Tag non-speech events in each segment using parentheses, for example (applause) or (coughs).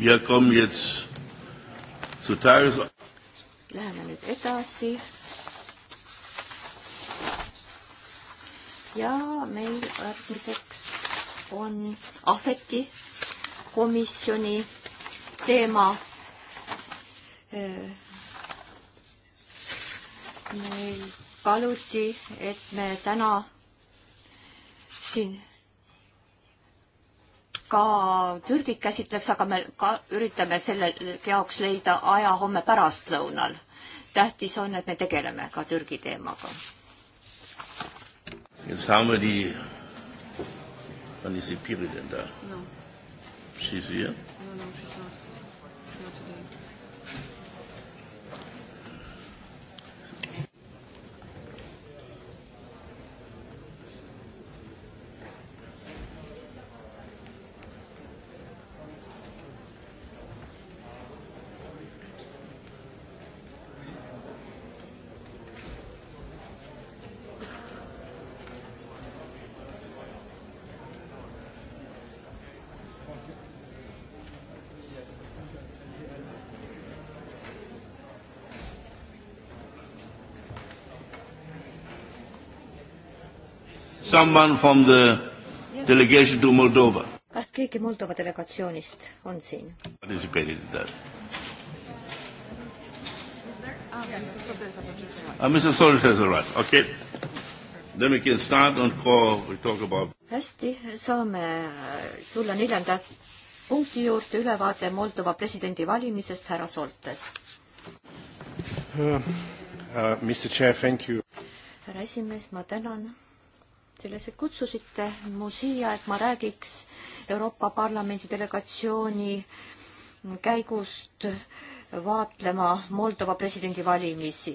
Wir kommen jetzt zu Tages... Läheme nüüd edasi. ja meil järgmiseks on Ahveti komisjoni teema. Äh, meil paluti, et me täna siin ka Türgit käsitleks, aga me ka üritame selle jaoks leida aja homme pärastlõunal. tähtis on, et me tegeleme ka Türgi teemaga. Jetzt haben wir die, wann ist die Piri denn da? No. She's here? No, no, she's not. Someone from the delegation to Moldova. kas keegi Moldova delegatsioonist on siin? Participated in that. Uh, ah, ah, Mr. Soldier has arrived. Okay. Then we can start on call. We talk about. hästi, saame tulla neljanda punkti juurde, ülevaade Moldova presidendi valimisest, härra Soltes uh,. Uh, Mr Chair, thank you. härra esimees, ma tänan Teile see kutsusite mu siia, et ma räägiks Euroopa Parlamendi delegatsiooni käigust vaatlema Moldova presidendivalimisi.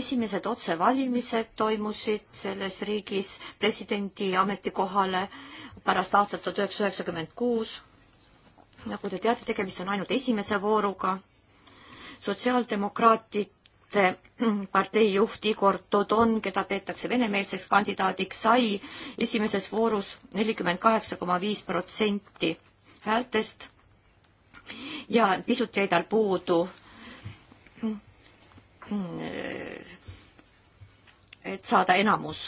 esimesed otsevalimised toimusid selles riigis presidendi ametikohale pärast aastat tuhat üheksasada üheksakümmend kuus. nagu te teate, tegemist on ainult esimese vooruga. sotsiaaldemokraatid demokraatide partei juht Igor Dodon, keda peetakse venemeelseks kandidaadiks, sai esimeses voorus nelikümmend kaheksa koma viis protsenti häältest ja pisut jäi tal puudu et saada enamus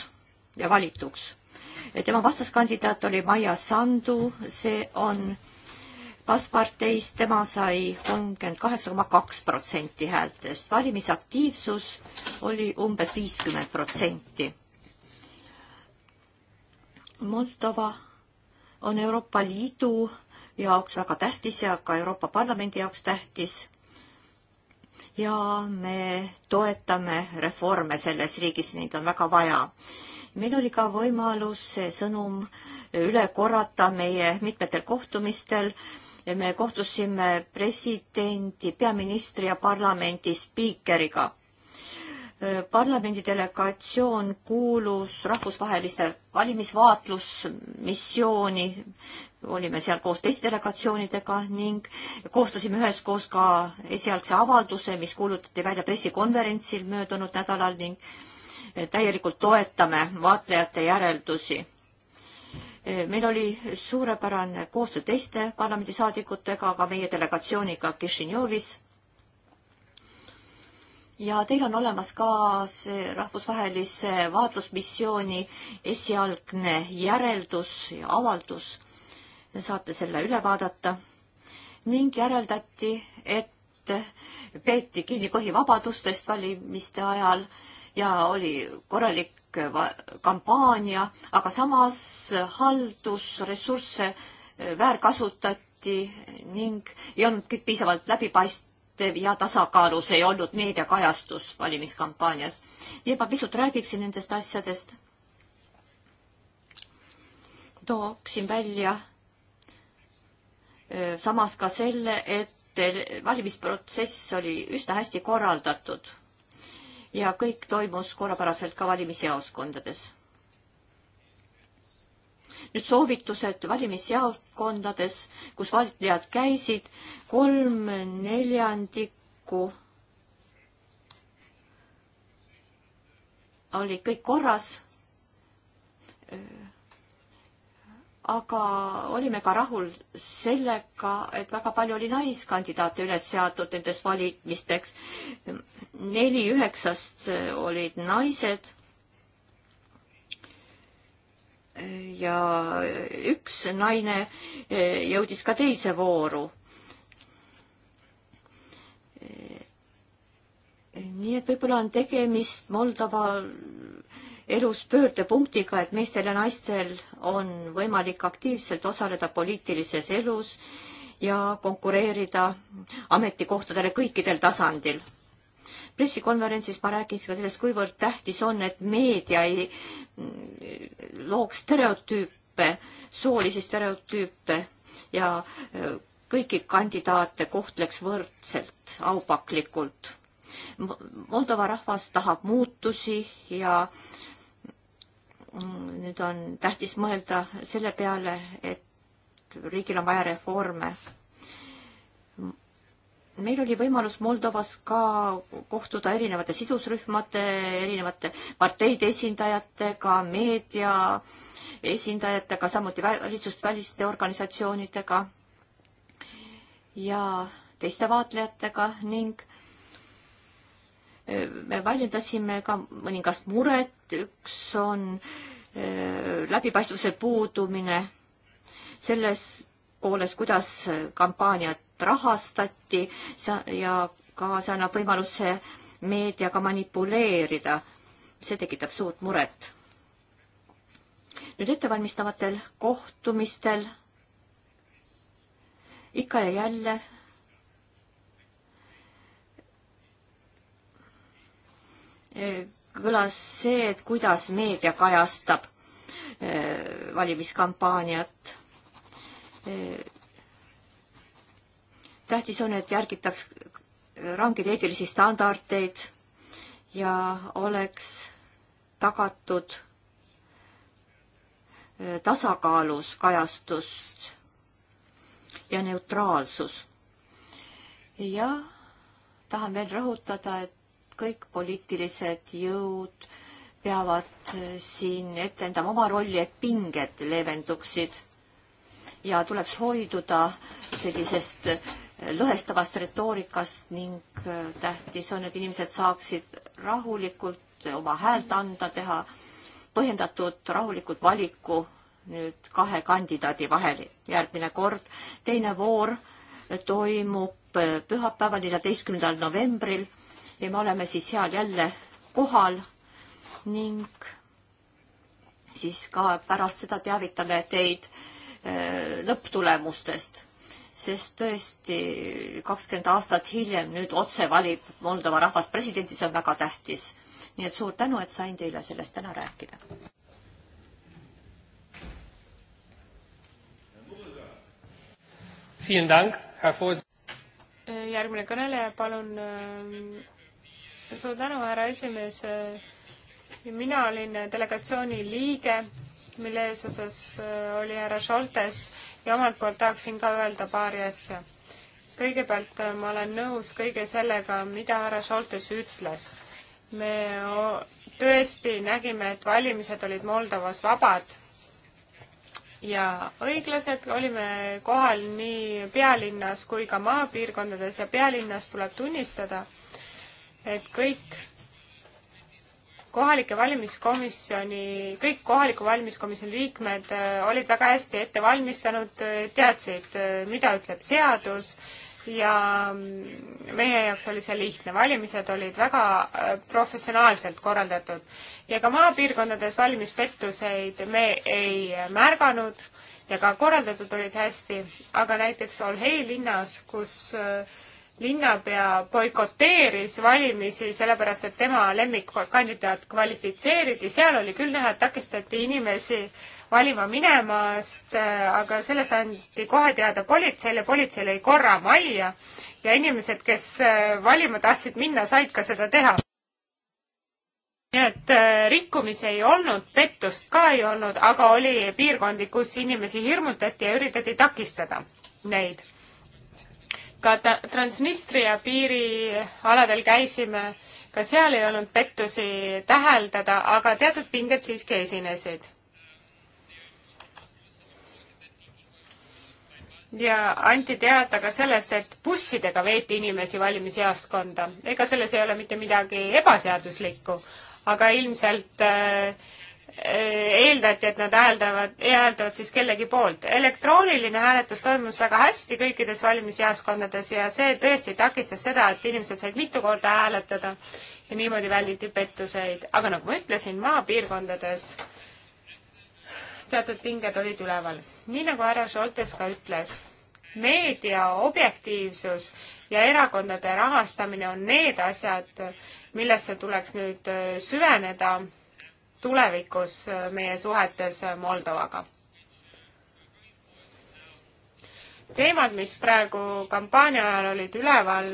ja valituks. tema vastaskandidaat oli Maia Sandu, see on vasparteis, tema sai kolmkümmend kaheksa koma kaks protsenti häältest, valimisaktiivsus oli umbes viiskümmend protsenti. Moldova on Euroopa Liidu jaoks väga tähtis ja ka Euroopa Parlamendi jaoks tähtis. ja me toetame reforme selles riigis, neid on väga vaja. meil oli ka võimalus see sõnum üle korrata meie mitmetel kohtumistel me kohtusime presidendi, peaministri ja parlamendi spiikeriga. parlamendi delegatsioon kuulus rahvusvaheliste valimisvaatlusmissiooni, olime seal koos teiste delegatsioonidega ning koostasime üheskoos ka esialgse avalduse, mis kuulutati välja pressikonverentsil möödunud nädalal ning täielikult toetame vaatlejate järeldusi meil oli suurepärane koostöö teiste parlamendisaadikutega, aga meie delegatsiooniga Kišinjovis. ja teil on olemas ka see rahvusvahelise vaatlusmissiooni esialgne järeldus ja avaldus. saate selle üle vaadata. ning järeldati, et peeti kinni põhivabadustest valimiste ajal ja oli korralik äh, kampaania, aga samas äh, haldusressursse äh, väärkasutati ning ei olnud kõik piisavalt läbipaistev ja tasakaalus ei olnud meediakajastus valimiskampaanias. nii et ma pisut räägiksin nendest asjadest. tooksin välja samas ka selle, et valimisprotsess oli üsna hästi korraldatud ja kõik toimus korrapäraselt ka valimisjaoskondades. nüüd soovitused valimisjaoskondades, kus valijad käisid, kolm neljandikku oli kõik korras aga olime ka rahul sellega, et väga palju oli naiskandidaate üles seatud nendes valimisteks. neli üheksast äh, olid naised. ja üks naine äh, jõudis ka teise vooru. Äh, nii et võib-olla on tegemist Moldova elus pöördepunktiga, et meestel ja naistel on võimalik aktiivselt osaleda poliitilises elus ja konkureerida ametikohtadele kõikidel tasandil. pressikonverentsis ma rääkisin ka sellest, kuivõrd tähtis on, et meedia ei looks stereotüüpe, soolisi stereotüüpe ja äh, kõiki kandidaate kohtleks võrdselt, aupaklikult Moldova rahvas tahab muutusi ja nüüd on tähtis mõelda selle peale, et riigil on vaja reforme. meil oli võimalus Moldovas ka kohtuda erinevate sidusrühmade, erinevate parteide esindajatega, meedia esindajatega, samuti valitsust väliste organisatsioonidega ja teiste vaatlejatega ning me väljendasime ka mõningast muret, üks on eh, läbipaistvuse puudumine selles pooles, kuidas kampaaniat rahastati ja ka see annab võimaluse meediaga manipuleerida. see tekitab suurt muret. nüüd ettevalmistavatel kohtumistel ikka ja jälle kõlas see, et kuidas meedia kajastab eh, valimiskampaaniat. Eh, tähtis on, et järgitaks rangeid eetilisi standardeid ja oleks tagatud eh, tasakaalus kajastust ja neutraalsus. ja tahan veel rõhutada, et kõik poliitilised jõud peavad eh, siin etendama oma rolli, et pinged leevenduksid ja tuleks hoiduda sellisest eh, lõhestavast retoorikast ning eh, tähtis on, et inimesed saaksid rahulikult oma häält anda, teha põhjendatud rahulikult valiku nüüd kahe kandidaadi vahel. järgmine kord teine voor toimub pühapäeval, neljateistkümnendal novembril ja me oleme siis seal jälle kohal ning siis ka pärast seda teavitame teid eh, lõpptulemustest, sest tõesti kakskümmend aastat hiljem nüüd otse valib Moldova rahvas presidenti, see on väga tähtis. nii et suur tänu, et sain teile sellest täna rääkida. järgmine kõneleja, palun ähm, suur tänu, härra esimees. mina olin delegatsiooni liige, mille eesotsas äh, oli härra Šoltes ja omalt poolt tahaksin ka öelda paari asja. kõigepealt äh, ma olen nõus kõige sellega, mida härra Šoltes ütles. me tõesti nägime, et valimised olid Moldovas vabad ja õiglased, olime kohal nii pealinnas kui ka maapiirkondades ja pealinnas tuleb tunnistada, et kõik kohalike valimiskomisjoni, kõik kohaliku valimiskomisjoni liikmed äh, olid väga hästi ette valmistanud, äh, teadsid, äh, mida ütleb seadus ja mm, meie jaoks oli see lihtne. valimised olid väga professionaalselt korraldatud ja ka maapiirkondades valimispettuseid me ei märganud ja ka korraldatud olid hästi, aga näiteks Olhei linnas, kus äh, linnapea boikoteeris valimisi sellepärast, et tema lemmikkandidaat kvalifitseeriti, seal oli küll näha, et takistati inimesi valima minemast, äh, aga sellest anti kohe teada politseile, politseil jäi korra majja ja inimesed, kes äh, valima tahtsid minna, said ka seda teha. nii et äh, rikkumisi ei olnud, pettust ka ei olnud, aga oli piirkondi, kus inimesi hirmutati ja üritati takistada neid ka Transnistria piirialadel käisime, ka seal ei olnud pettusi täheldada, aga teatud pinged siiski esinesid. ja anti teada ka sellest, et bussidega veeti inimesi valimisjaoskonda. ega selles ei ole mitte midagi ebaseaduslikku, aga ilmselt äh, Äh, eeldati, et nad hääldavad, hääldavad siis kellegi poolt. elektrooniline hääletus toimus väga hästi kõikides valimisjaoskondades ja see tõesti takistas seda, et inimesed said mitu korda hääletada ja niimoodi välditi pettuseid. aga nagu ma ütlesin, maapiirkondades teatud pinged olid üleval. nii nagu härra Šoltes ka ütles, meedia objektiivsus ja erakondade rahastamine on need asjad, millesse tuleks nüüd äh, süveneda tulevikus meie suhetes Moldovaga. teemad, mis praegu kampaania ajal olid üleval,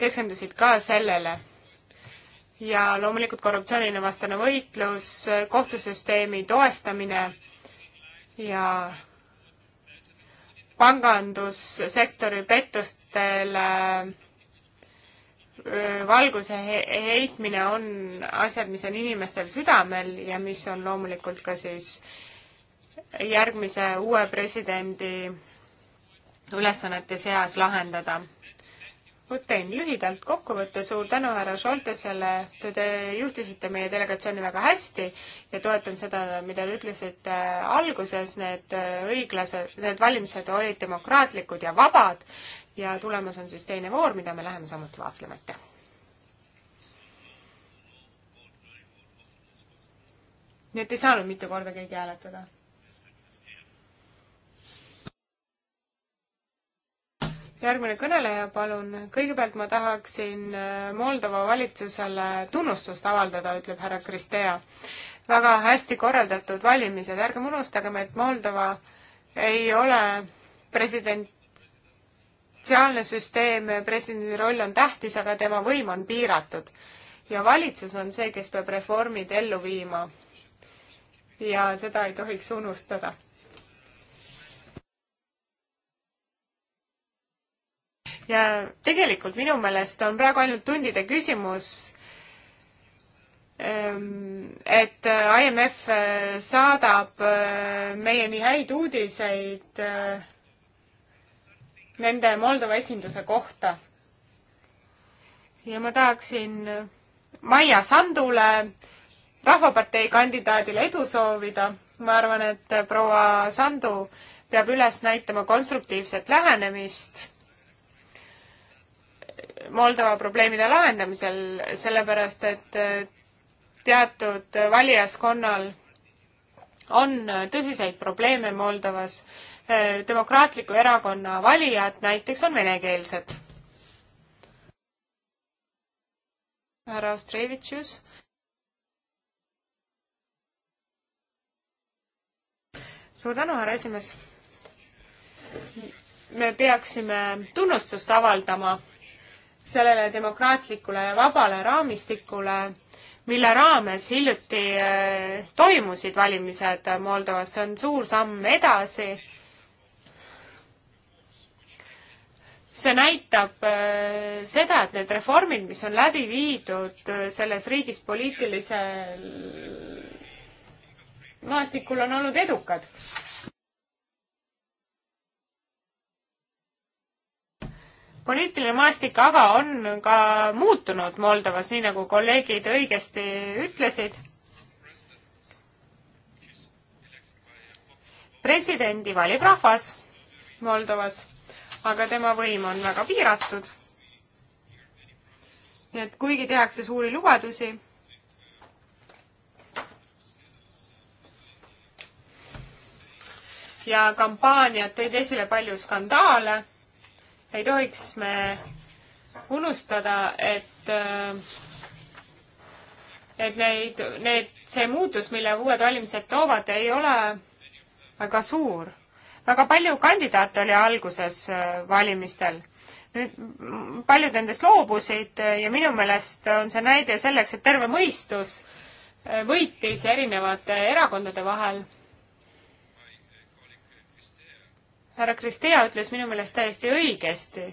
keskendusid ka sellele ja loomulikult korruptsioonivastane võitlus, kohtusüsteemi toestamine ja pangandussektori pettustele valguse heitmine on asjad, mis on inimestel südamel ja mis on loomulikult ka siis järgmise uue presidendi ülesannete seas lahendada. vot teen lühidalt kokkuvõtte, suur tänu härra Šoltesele, te, te juhtisite meie delegatsiooni väga hästi ja toetan seda, mida te ütlesite alguses, need õiglased, need valimised olid demokraatlikud ja vabad ja tulemas on siis teine voor, mida me läheme samuti vaatlema, aitäh! nii et ei saanud mitu korda keegi hääletada. järgmine kõneleja, palun. kõigepealt ma tahaksin äh, Moldova valitsusele tunnustust avaldada, ütleb härra Kristea. väga hästi korraldatud valimised, ärgem unustagem, et Moldova ei ole president sotsiaalne süsteem, presidendi roll on tähtis, aga tema võim on piiratud. ja valitsus on see, kes peab reformid ellu viima. ja seda ei tohiks unustada. ja tegelikult minu meelest on praegu ainult tundide küsimus, ehm, et IMF saadab eh, meieni häid uudiseid eh, nende Moldova esinduse kohta. ja ma tahaksin Maia Sandule, Rahvapartei kandidaadile edu soovida. ma arvan, et proua Sandu peab üles näitama konstruktiivset lähenemist Moldova probleemide lahendamisel, sellepärast et teatud valijaskonnal on tõsiseid probleeme Moldovas Äh, demokraatliku erakonna valijad näiteks on venekeelsed. härra Ostrevitšus. suur tänu, härra esimees. me peaksime tunnustust avaldama sellele demokraatlikule ja vabale raamistikule, mille raames hiljuti äh, toimusid valimised Moldovas, see on suur samm edasi see näitab äh, seda, et need reformid, mis on läbi viidud äh, selles riigis poliitilisel maastikul, on olnud edukad. poliitiline maastik aga on ka muutunud Moldovas, nii nagu kolleegid õigesti ütlesid. presidendi valib rahvas Moldovas aga tema võim on väga piiratud. nii et kuigi tehakse suuri lubadusi, ja kampaaniad tõid esile palju skandaale, ei tohiks me unustada, et äh, et neid, need, see muutus, mille uued valimised toovad, ei ole väga suur väga palju kandidaate oli alguses äh, valimistel. nüüd paljud nendest loobusid äh, ja minu meelest on see näide selleks, et terve mõistus äh, võitis erinevate erakondade vahel. härra Kristea ütles minu meelest täiesti õigesti,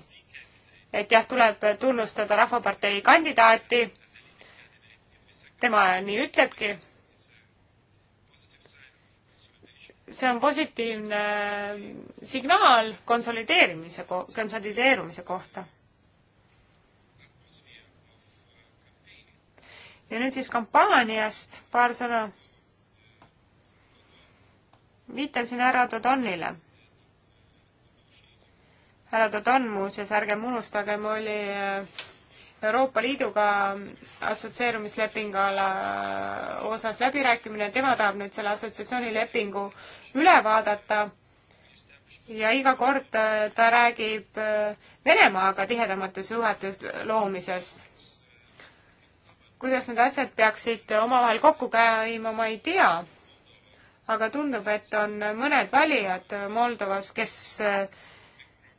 et jah, tuleb tunnustada Rahvapartei kandidaati, tema nii ütlebki see on positiivne signaal konsolideerimise, konsolideerumise kohta. ja nüüd siis kampaaniast paar sõna. viitan siin härra Dodonile. härra Dodon muuseas, ärgem unustagem, oli äh, Euroopa Liiduga assotsieerumislepingu ala osas läbirääkimine, tema tahab nüüd selle assotsiatsioonilepingu üle vaadata ja iga kord äh, ta räägib äh, Venemaaga tihedamate suhete loomisest. kuidas need asjad peaksid omavahel kokku käima, ma ei tea. aga tundub, et on mõned valijad Moldovas, kes äh,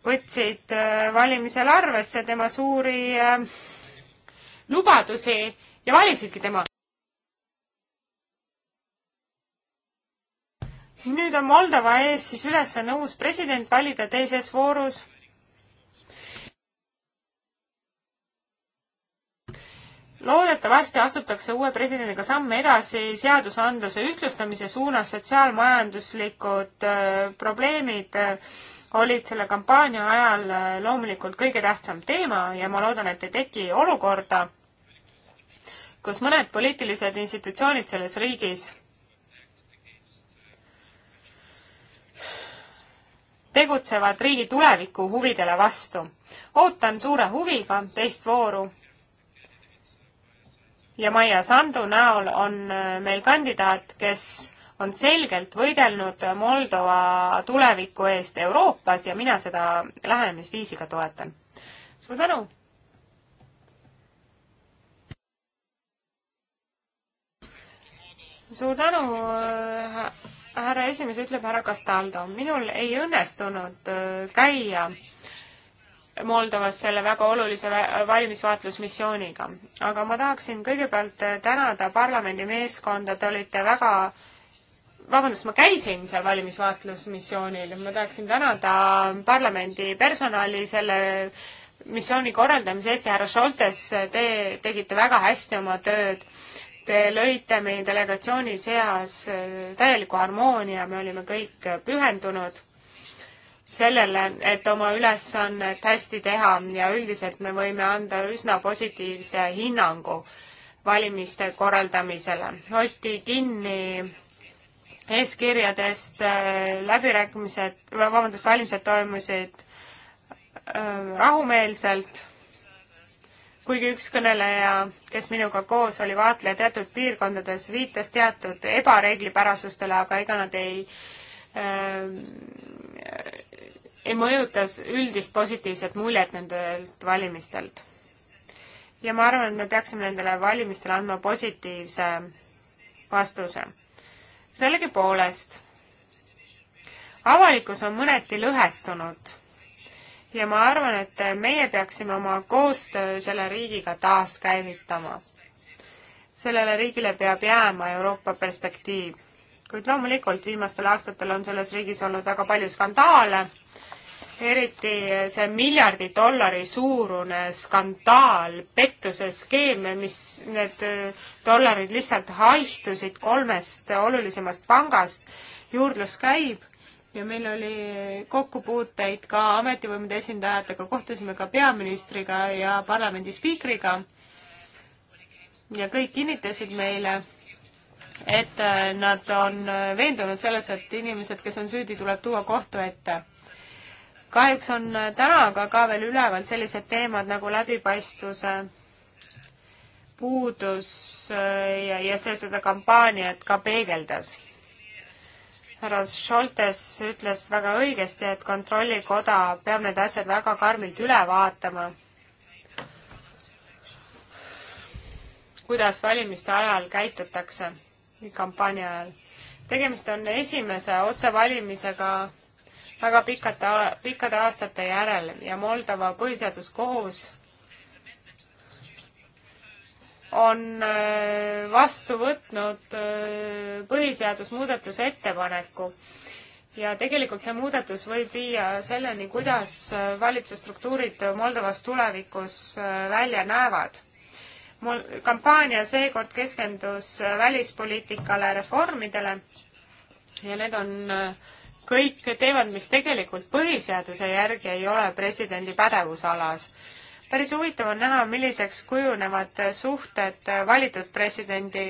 võtsid äh, valimisel arvesse tema suuri äh, lubadusi ja valisidki tema. nüüd on Moldova ees siis ülesanne uus president valida teises voorus. loodetavasti astutakse uue presidendiga samme edasi seadusandluse ühtlustamise suunas, sotsiaalmajanduslikud äh, probleemid äh, olid selle kampaania ajal äh, loomulikult kõige tähtsam teema ja ma loodan, et ei teki olukorda, kus mõned poliitilised institutsioonid selles riigis tegutsevad riigi tuleviku huvidele vastu. ootan suure huviga teist vooru. ja Maia Sandu näol on äh, meil kandidaat, kes on selgelt võidelnud Moldova tuleviku eest Euroopas ja mina seda lähenemisviisi ka toetan. suur tänu! suur tänu, härra esimees, ütleb härra Castaldo. minul ei õnnestunud äh, käia Moldovas selle väga olulise valimisvaatlusmissiooniga. aga ma tahaksin kõigepealt äh, tänada parlamendi meeskonda, te olite väga vabandust, ma käisin seal valimisvaatlusmissioonil, ma tahaksin tänada parlamendi personali selle missiooni korraldamise eest ja härra Šoltes, te tegite väga hästi oma tööd. Te lõite meie delegatsiooni seas äh, täieliku harmoonia, me olime kõik pühendunud sellele, et oma ülesannet hästi teha ja üldiselt me võime anda üsna positiivse hinnangu valimiste korraldamisele. hoiti kinni eeskirjadest äh, läbirääkimised, vabandust, valimised toimusid äh, rahumeelselt, kuigi üks kõneleja, kes minuga koos oli vaatleja teatud piirkondades, viitas teatud ebareeglipärasustele, aga ega nad ei äh, ei mõjutas üldist positiivset muljet nendelt valimistelt. ja ma arvan, et me peaksime nendele valimistele andma positiivse vastuse sellegipoolest avalikkus on mõneti lõhestunud ja ma arvan, et meie peaksime oma koostöö selle riigiga taaskäivitama. sellele riigile peab jääma Euroopa perspektiiv, kuid loomulikult viimastel aastatel on selles riigis olnud väga palju skandaale eriti see miljardi dollari suurune skandaal, pettuse skeem, mis need äh, dollarid lihtsalt haihtusid kolmest olulisemast pangast, juurdlus käib ja meil oli kokkupuuteid ka ametivõimude esindajatega, kohtusime ka peaministriga ja parlamendi spiikriga ja kõik kinnitasid meile, et äh, nad on äh, veendunud selles, et inimesed, kes on süüdi, tuleb tuua kohtu ette kahjuks on täna aga ka veel üleval sellised teemad nagu läbipaistvuse puudus äh, ja, ja see seda kampaaniat ka peegeldas. härra Šoltes ütles väga õigesti, et Kontrollikoda peab need asjad väga karmilt üle vaatama. kuidas valimiste ajal käitutakse, kampaania ajal. tegemist on esimese otsevalimisega väga pikate, pikkade aastate järel ja Moldova põhiseaduskohus on äh, vastu võtnud äh, põhiseadusmuudatuse ettepaneku ja tegelikult see muudatus võib viia selleni, kuidas äh, valitsusstruktuurid Moldovas tulevikus välja näevad. mul kampaania seekord keskendus välispoliitikale, reformidele ja need on äh, kõik teevad, mis tegelikult põhiseaduse järgi ei ole presidendi pädevusalas. päris huvitav on näha, milliseks kujunevad suhted valitud presidendi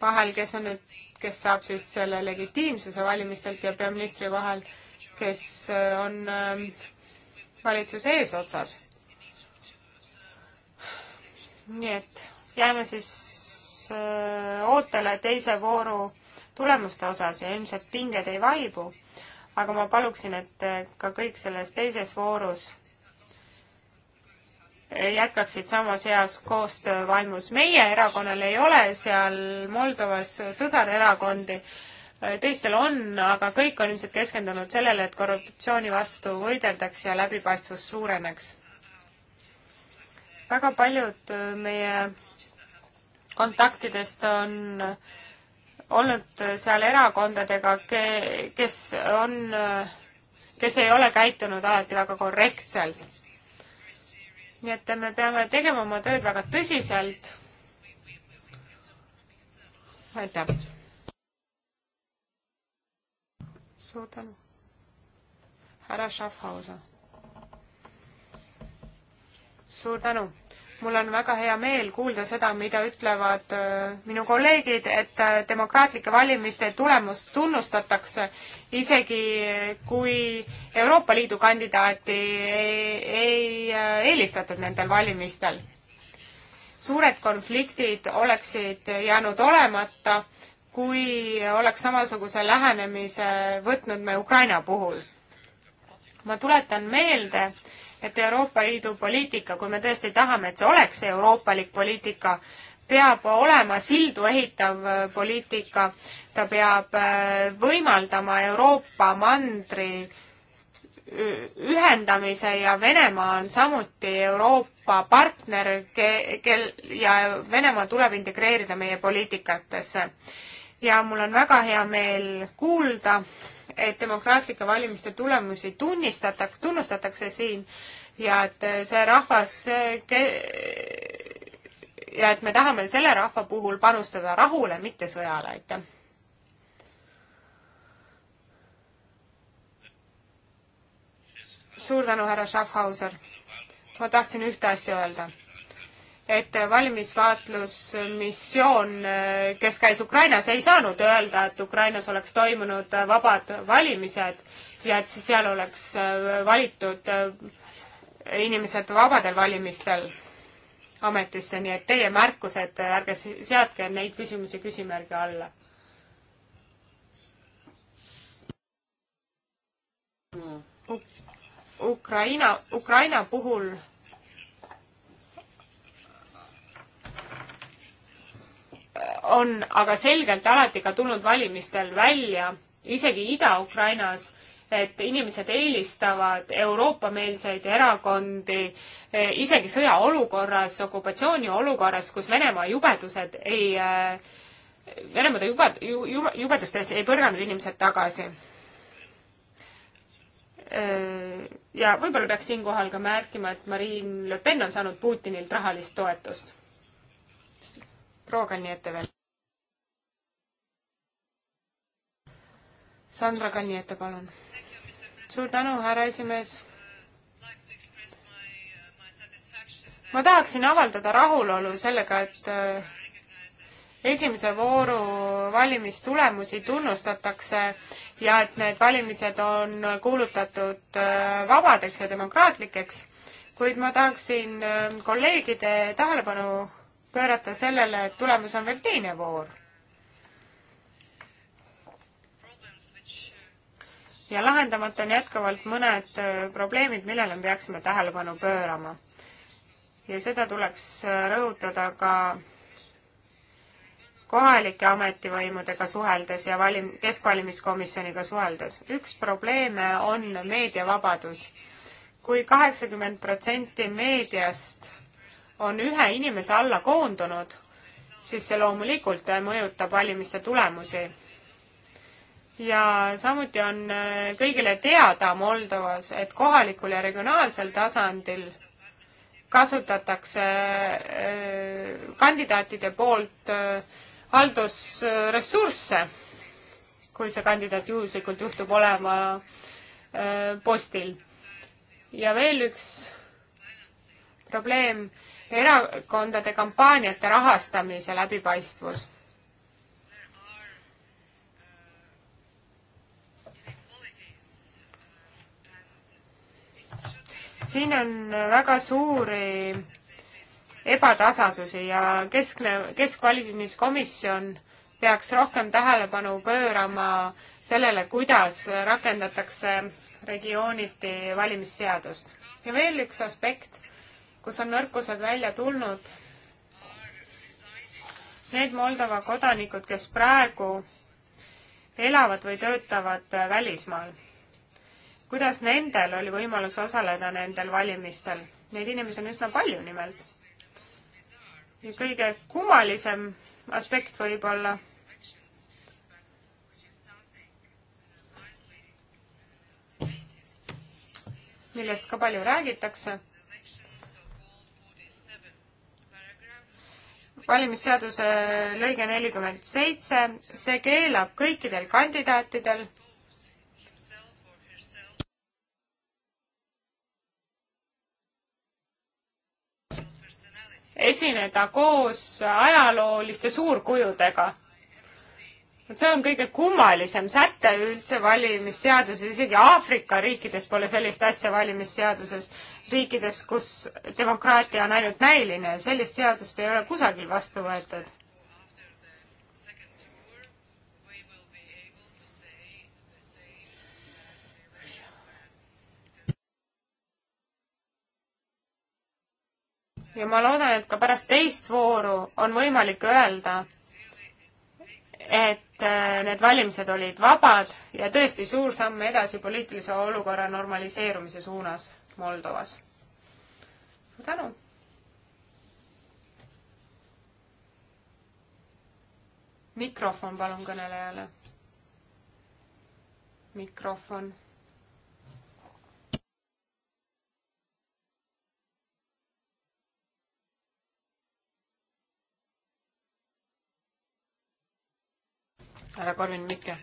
vahel, kes on nüüd, kes saab siis selle legitiimsuse valimistelt ja peaministri vahel, kes äh, on ähm, valitsuse eesotsas. nii et jääme siis äh, ootele teise vooru tulemuste osas ja ilmselt pinged ei vaibu aga ma paluksin, et eh, ka kõik selles teises voorus jätkaksid samas heas koostöövaimus. meie erakonnal ei ole seal Moldovas sõsarerakondi, eh, teistel on, aga kõik on ilmselt keskendunud sellele, et korruptsiooni vastu võideldaks ja läbipaistvus suureneks. väga paljud eh, meie kontaktidest on äh, olnud seal erakondadega, kes on, kes ei ole käitunud alati väga korrektselt. nii et me peame tegema oma tööd väga tõsiselt. aitäh. suur tänu. härra Schaffhauser. suur tänu mul on väga hea meel kuulda seda, mida ütlevad äh, minu kolleegid, et äh, demokraatlike valimiste tulemust tunnustatakse, isegi äh, kui Euroopa Liidu kandidaati ei, ei eelistatud nendel valimistel. suured konfliktid oleksid jäänud olemata, kui oleks samasuguse lähenemise võtnud me Ukraina puhul ma tuletan meelde, et Euroopa Liidu poliitika, kui me tõesti tahame, et see oleks euroopalik poliitika, peab olema sildu ehitav äh, poliitika, ta peab äh, võimaldama Euroopa mandri ühendamise ja Venemaa on samuti Euroopa partner, kel ja Venemaa tuleb integreerida meie poliitikatesse. ja mul on väga hea meel kuulda, et demokraatlike valimiste tulemusi tunnistataks, tunnustatakse siin ja et see rahvas ja et me tahame selle rahva puhul panustada rahule, mitte sõjale, aitäh. suur tänu, härra Schaffhauser. ma tahtsin ühte asja öelda et valimisvaatlusmissioon, kes käis Ukrainas, ei saanud öelda, et Ukrainas oleks toimunud vabad valimised ja et seal oleks valitud inimesed vabadel valimistel ametisse, nii et teie märkused, ärge seadke neid küsimusi küsimärgi alla. Ukraina, Ukraina puhul on aga selgelt alati ka tulnud valimistel välja, isegi Ida-Ukrainas, et inimesed eelistavad Euroopa-meelseid erakondi eh, isegi sõjaolukorras, okupatsiooniolukorras, kus Venemaa jubedused ei, eh, Venemaa jubed, jubedustes ei põrganud inimesed tagasi. Eh, ja võib-olla peaks siinkohal ka märkima, et Marine Le Pen on saanud Putinilt rahalist toetust. proovige nii ette veel Sandra Kalniete, palun. suur tänu, härra esimees. ma tahaksin avaldada rahulolu sellega, et äh, esimese vooru valimistulemusi tunnustatakse ja et need valimised on kuulutatud äh, vabadeks ja demokraatlikeks, kuid ma tahaksin äh, kolleegide tähelepanu pöörata sellele, et tulemas on veel teine voor ja lahendamata on jätkuvalt mõned äh, probleemid, millele me peaksime tähelepanu pöörama. ja seda tuleks äh, rõhutada ka kohalike ametivõimudega suheldes ja valim-, keskvalimiskomisjoniga suheldes. üks probleeme on meediavabadus kui. kui kaheksakümmend protsenti meediast on ühe inimese alla koondunud, siis see loomulikult äh, mõjutab valimiste tulemusi ja samuti on äh, kõigile teada Moldovas, et kohalikul ja regionaalsel tasandil kasutatakse äh, kandidaatide poolt äh, haldusressursse, kui see kandidaat juhuslikult juhtub olema postil. ja veel üks probleem, erakondade kampaaniate rahastamise läbipaistvus siin on väga suuri ebatasasusi ja keskne, keskvalimiskomisjon peaks rohkem tähelepanu pöörama sellele, kuidas rakendatakse regiooniti valimisseadust. ja veel üks aspekt, kus on nõrkused välja tulnud. Need Moldova kodanikud, kes praegu elavad või töötavad välismaal kuidas nendel oli võimalus osaleda nendel valimistel? Neid inimesi on üsna palju nimelt. ja kõige kummalisem aspekt võib-olla millest ka palju räägitakse. valimisseaduse lõige nelikümmend seitse, see keelab kõikidel kandidaatidel esineda koos ajalooliste suurkujudega. see on kõige kummalisem säte üldse valimisseaduses, isegi Aafrika riikides pole sellist asja valimisseaduses. riikides, kus demokraatia on ainult näiline, sellist seadust ei ole kusagil vastu võetud ja ma loodan, et ka pärast teist vooru on võimalik öelda, et äh, need valimised olid vabad ja tõesti suur samm edasi poliitilise olukorra normaliseerumise suunas Moldovas. suur tänu! mikrofon palun kõnelejale. mikrofon härra Korvin Mikke.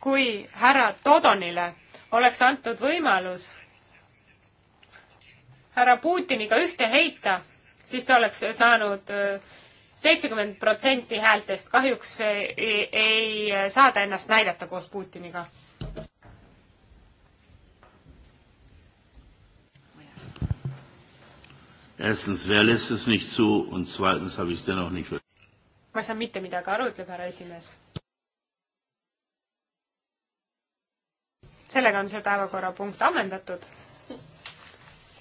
kui härra Dodonile oleks antud võimalus härra Putiniga ühte heita, siis ta oleks saanud äh, seitsekümmend protsenti häältest. kahjuks äh, ei, ei saa ta ennast näidata koos Putiniga Erstens, wer lässt es nicht zu und zweitens habe ich dennoch nicht ma ei saa mitte midagi aru, ütleb härra esimees. sellega on see päevakorrapunkt ammendatud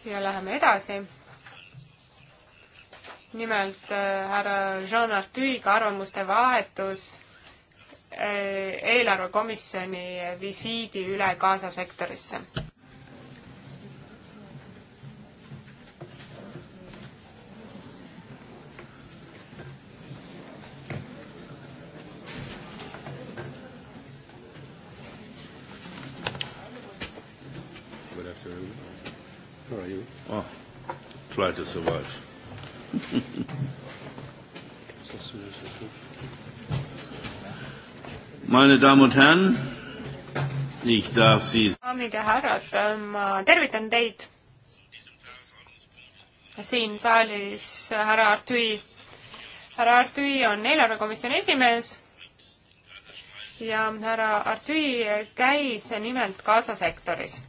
ja läheme edasi. nimelt äh, härra Jean Artüiga arvamuste vahetus äh, eelarvekomisjoni visiidi üle Gaza sektorisse Zeit ist soweit. Meine Damen und Herren, ich darf Sie. daamid ja härrad, ma tervitan teid siin saalis härra Artüi. härra Artüi on eelarvekomisjoni esimees ja härra Artüi käis nimelt Gaza sektoris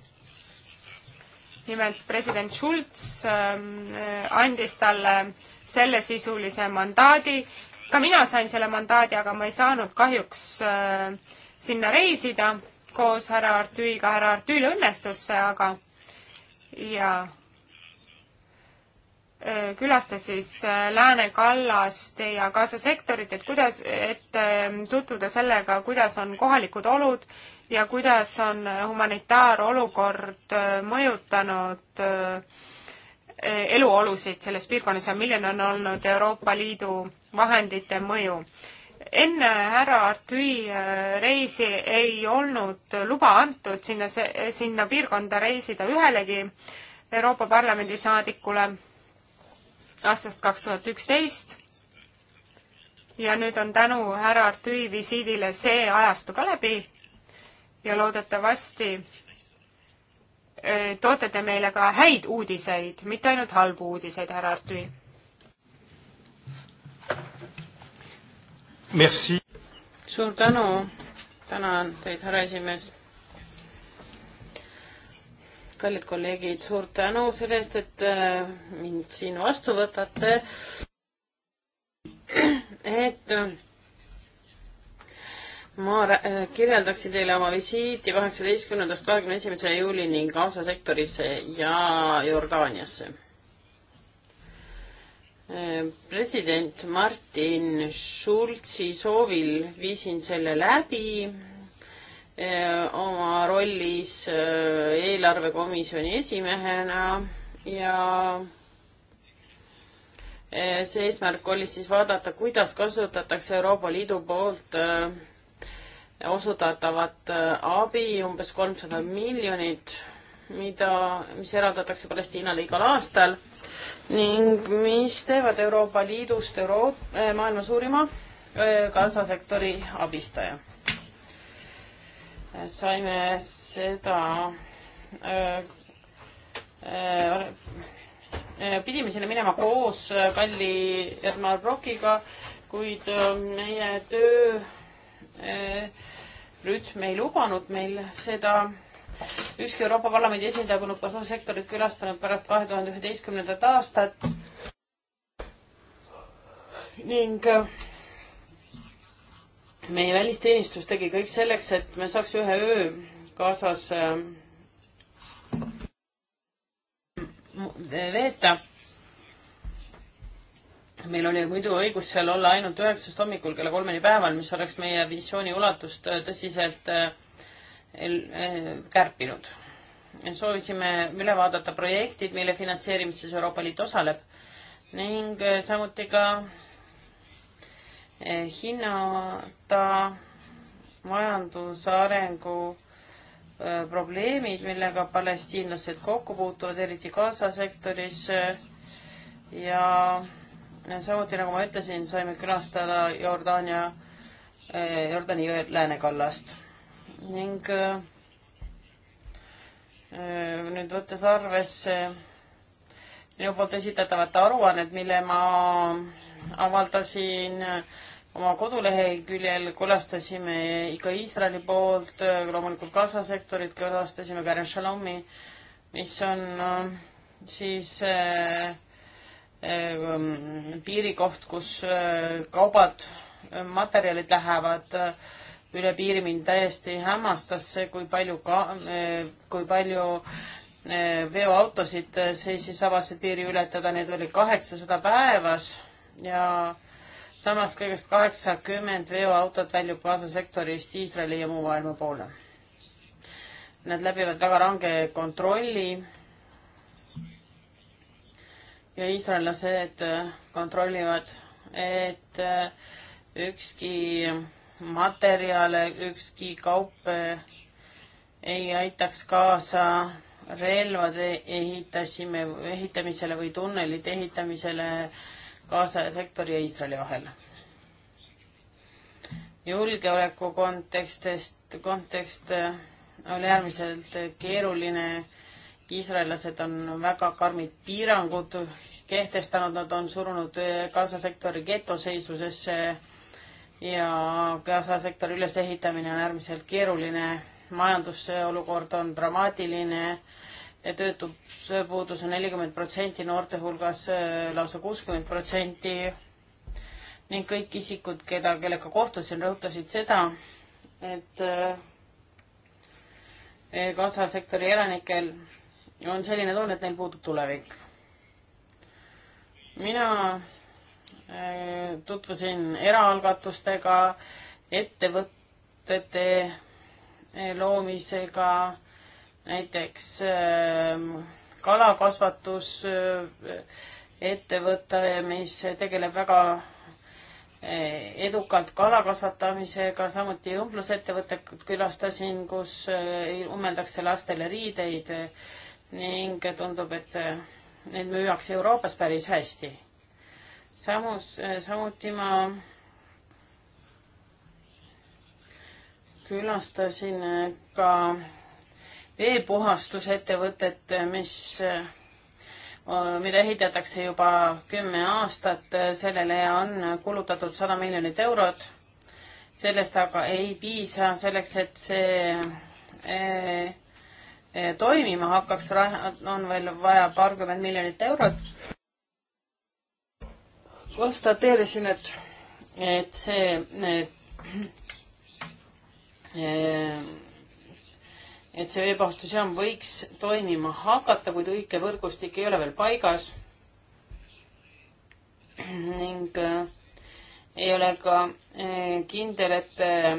nimelt president Schulz ähm, äh, andis talle sellesisulise mandaadi. ka mina sain selle mandaadi, aga ma ei saanud kahjuks äh, sinna reisida koos härra Artüüga. härra Artüül õnnestus see aga ja äh, külastas siis Lääne-Kallast ja Gaza sektorit, et kuidas, et tutvuda sellega, kuidas on kohalikud olud ja kuidas on humanitaarolukord äh, mõjutanud äh, eluolusid selles piirkonnas ja milline on olnud Euroopa Liidu vahendite mõju. enne härra Artüi äh, reisi ei olnud luba antud sinna, sinna piirkonda reisida ühelegi Euroopa Parlamendi saadikule aastast kaks tuhat üksteist ja nüüd on tänu härra Artüi visiidile see ajastu ka läbi ja loodetavasti eh, toote te meile ka häid uudiseid, mitte ainult halbu uudiseid, härra Artüi. suur tänu, tänan teid, härra esimees. kallid kolleegid, suur tänu selle eest, et eh, mind siin vastu võtate. (clears throat) et eh, ma äh, kirjeldaksin teile oma visiiti kaheksateistkümnendast kahekümne esimese juulini Gaza sektorisse ja Jordaaniasse. Äh, president Martin Schulzi soovil viisin selle läbi äh, oma rollis eelarvekomisjoni esimehena ja see eesmärk oli siis vaadata, kuidas kasutatakse Euroopa Liidu poolt äh, osutatavat äh, abi, umbes kolmsada miljonit, mida, mis eraldatakse Palestiinale igal aastal ning mis teevad Euroopa Liidust Euro-, äh, maailma suurima äh, Gaza sektori abistaja. saime seda öö, öö, pidime sinna minema koos kalli Edmar Brokiga, kuid meie töö rütm ei lubanud meil seda. ükski Euroopa Parlamendi esindaja polnud kasvusektorit külastanud pärast kahe tuhande üheteistkümnendat aastat. ning äh, meie välisteenistus tegi kõik selleks, et me saaks ühe öö kaasas äh, veeta äh, meil oli muidu õigus seal olla ainult üheksast hommikul kella kolmeni päeval, mis oleks meie visiooni ulatust äh, tõsiselt äh, äh, kärpinud. soovisime üle vaadata projektid, mille finantseerimises Euroopa Liit osaleb ning samuti ka hinnata majandusarengu probleemid, millega palestiinlased kokku puutuvad, eriti Gaza sektoris ja samuti, nagu ma ütlesin, saime külastada Jordaania, eh, Jordani jõe läänekallast ning eh, nüüd võttes arvesse minu poolt esitatavat aruannet, mille ma avaldasin oma koduleheküljel, külastasime ikka Iisraeli poolt, loomulikult Gaza sektorit külastasime, Karen Shalomi, mis on eh, siis äh, Ehm, piirikoht, kus äh, kaubad, äh, materjalid lähevad äh, üle piiri, mind täiesti hämmastas see, kui palju ka, kui palju veoautosid seisis, avasid piiri ületada, neid oli kaheksasada päevas ja samas kõigest kaheksakümmend veoautot väljub Gaza sektorist Iisraeli ja muu maailma poole. Nad läbivad väga range kontrolli ja iisraellased äh, kontrollivad, et äh, ükski materjale, ükski kaup äh, ei aitaks kaasa relvade ehitasime, ehitamisele või tunnelite ehitamisele Gaza sektori ja Iisraeli vahel. julgeoleku kontekstist, kontekst oli äärmiselt keeruline äh, iisraellased on väga karmid piirangud kehtestanud, nad on surunud eh, Gaza sektori getoseisusesse ja Gaza sektori ülesehitamine on äärmiselt keeruline, majandusolukord on dramaatiline, töötuspuudus on nelikümmend protsenti, noorte hulgas eh, lausa kuuskümmend protsenti ning kõik isikud, keda, kellega kohtusin, rõhutasid seda, et eh, Gaza sektori elanikel on selline tunne, et neil puudub tulevik. mina äh, tutvusin eraalgatustega, ettevõtete äh, loomisega, näiteks äh, kalakasvatusettevõte, mis tegeleb väga edukalt kalakasvatamisega, samuti õmblusettevõtet külastasin, kus umeldakse lastele riideid ning tundub, et äh, neid müüakse Euroopas päris hästi. samus, äh, samuti ma külastasin äh, ka veepuhastusettevõtet, mis, mida ehitatakse juba kümme aastat, sellele on kulutatud sada miljonit eurot. sellest aga ei piisa selleks, et see Eh, toimima hakkaks, on veel vaja paarkümmend miljonit eurot. konstateerisin, et, et see et, eh, et see veebaastusjaam võiks toimima hakata, kuid õige võrgustik ei ole veel paigas. ning äh, ei ole ka äh, kindel, et äh,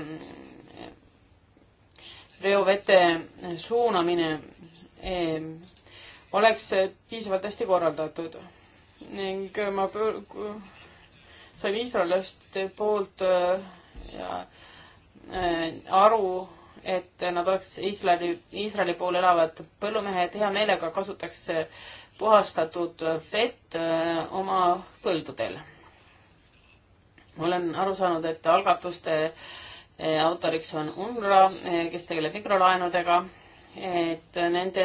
reovete suunamine eh, oleks piisavalt hästi korraldatud ning eh, ma sain iisraellaste poolt eh, ja, aru, et nad oleks Iisraeli, Iisraeli pool elavad põllumehed hea meelega kasutaks puhastatud vett oma põldudel. olen aru saanud, et algatuste äh, Eh, autoriks on UNRWA, eh, kes tegeleb mikrolaenudega, et eh, nende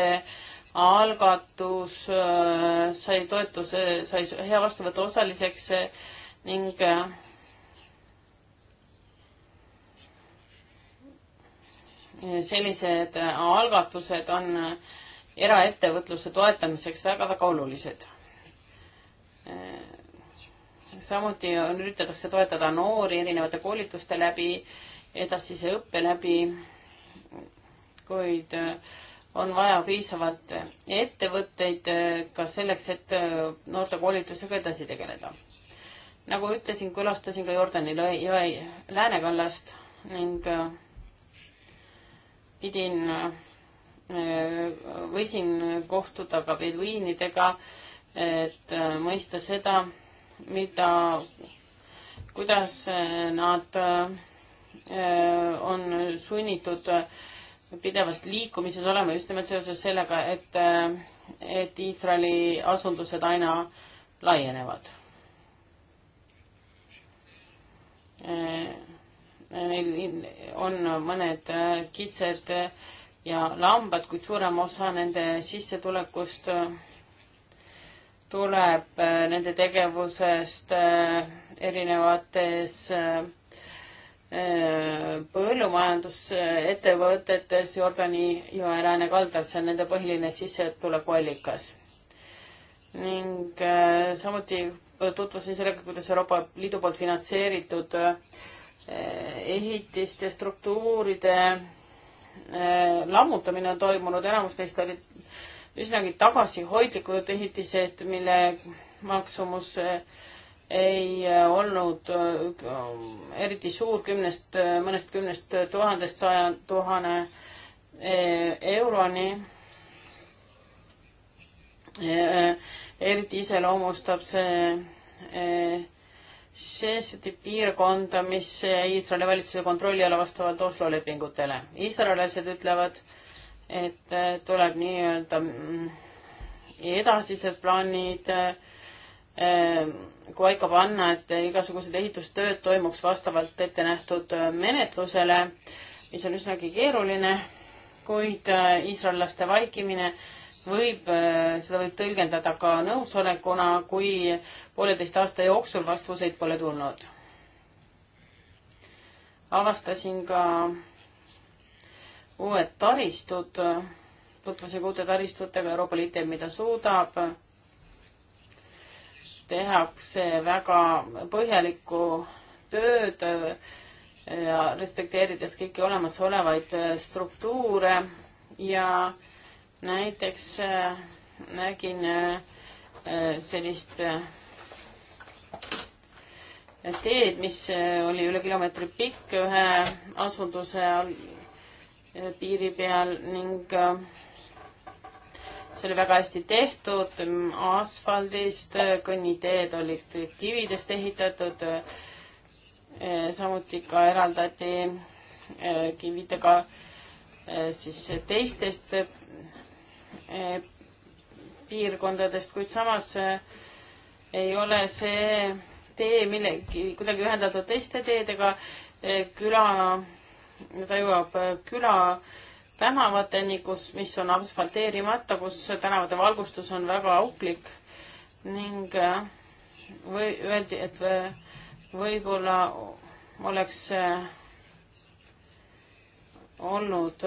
algatus sai toetuse, sai hea vastuvõtu osaliseks ning sellised algatused on eraettevõtluse toetamiseks väga-väga olulised. samuti on, üritatakse toetada noori erinevate koolituste läbi edasise õppe läbi, kuid äh, on vaja piisavalt ettevõtteid äh, ka selleks, et äh, noorte koolitusega edasi tegeleda. nagu ütlesin, külastasin ka Jordani jõe läänekallast ning pidin, võisin kohtuda ka beduiinidega, et mõista seda, mida, kuidas nad äh, Äh, on sunnitud pidevas liikumises olema just nimelt seoses sellega, et, äh, et Iisraeli asundused aina laienevad. Neil äh, on mõned kitsed ja lambad, kuid suurem osa nende sissetulekust tuleb nende tegevusest erinevates põllumajandusettevõtetes Jordani jõe läänekaldal, see on nende põhiline sissetulekuallikas. ning äh, samuti tutvusin sellega, kuidas Euroopa Liidu poolt finantseeritud äh, ehitiste struktuuride äh, lammutamine on toimunud, enamus neist olid üsnagi tagasihoidlikud ehitised, mille maksumus ei äh, olnud äh, eriti suur kümnest, äh, mõnest kümnest tuhandest saja tuhane euroni. eriti iseloomustab see Šešeti piirkonda, mis Iisraeli valitsuse kontrolli alla vastavalt Oslo lepingutele. iisraellased ütlevad, et tuleb nii-öelda mm, edasised plaanid äh, Ehm, kui paika panna, et igasugused ehitustööd toimuks vastavalt ette nähtud äh, menetlusele, mis on üsnagi keeruline, kuid äh, iisraellaste vaikimine võib, äh, seda võib tõlgendada ka nõusolekuna, kui pooleteist aasta jooksul vastuseid pole tulnud. avastasin ka uued taristud, tutvusin uute taristutega, Euroopa Liit teeb, mida suudab tehakse väga põhjalikku tööd äh, ja respekteerides kõiki olemasolevaid äh, struktuure ja näiteks äh, nägin sellist teed, mis oli üle kilomeetri pikk ühe asunduse piiri peal ning äh, see oli väga hästi tehtud, asfaldist, kõnniteed olid kividest ehitatud, samuti ka eraldati eh, kividega eh, siis teistest eh, piirkondadest, kuid samas ei ole see tee millegi, kuidagi ühendatud teiste teedega, küla, ta jõuab küla tänavateni, kus, mis on asfalteerimata, kus tänavate valgustus on väga auklik ning äh, või öeldi, et äh, võib-olla oleks äh, olnud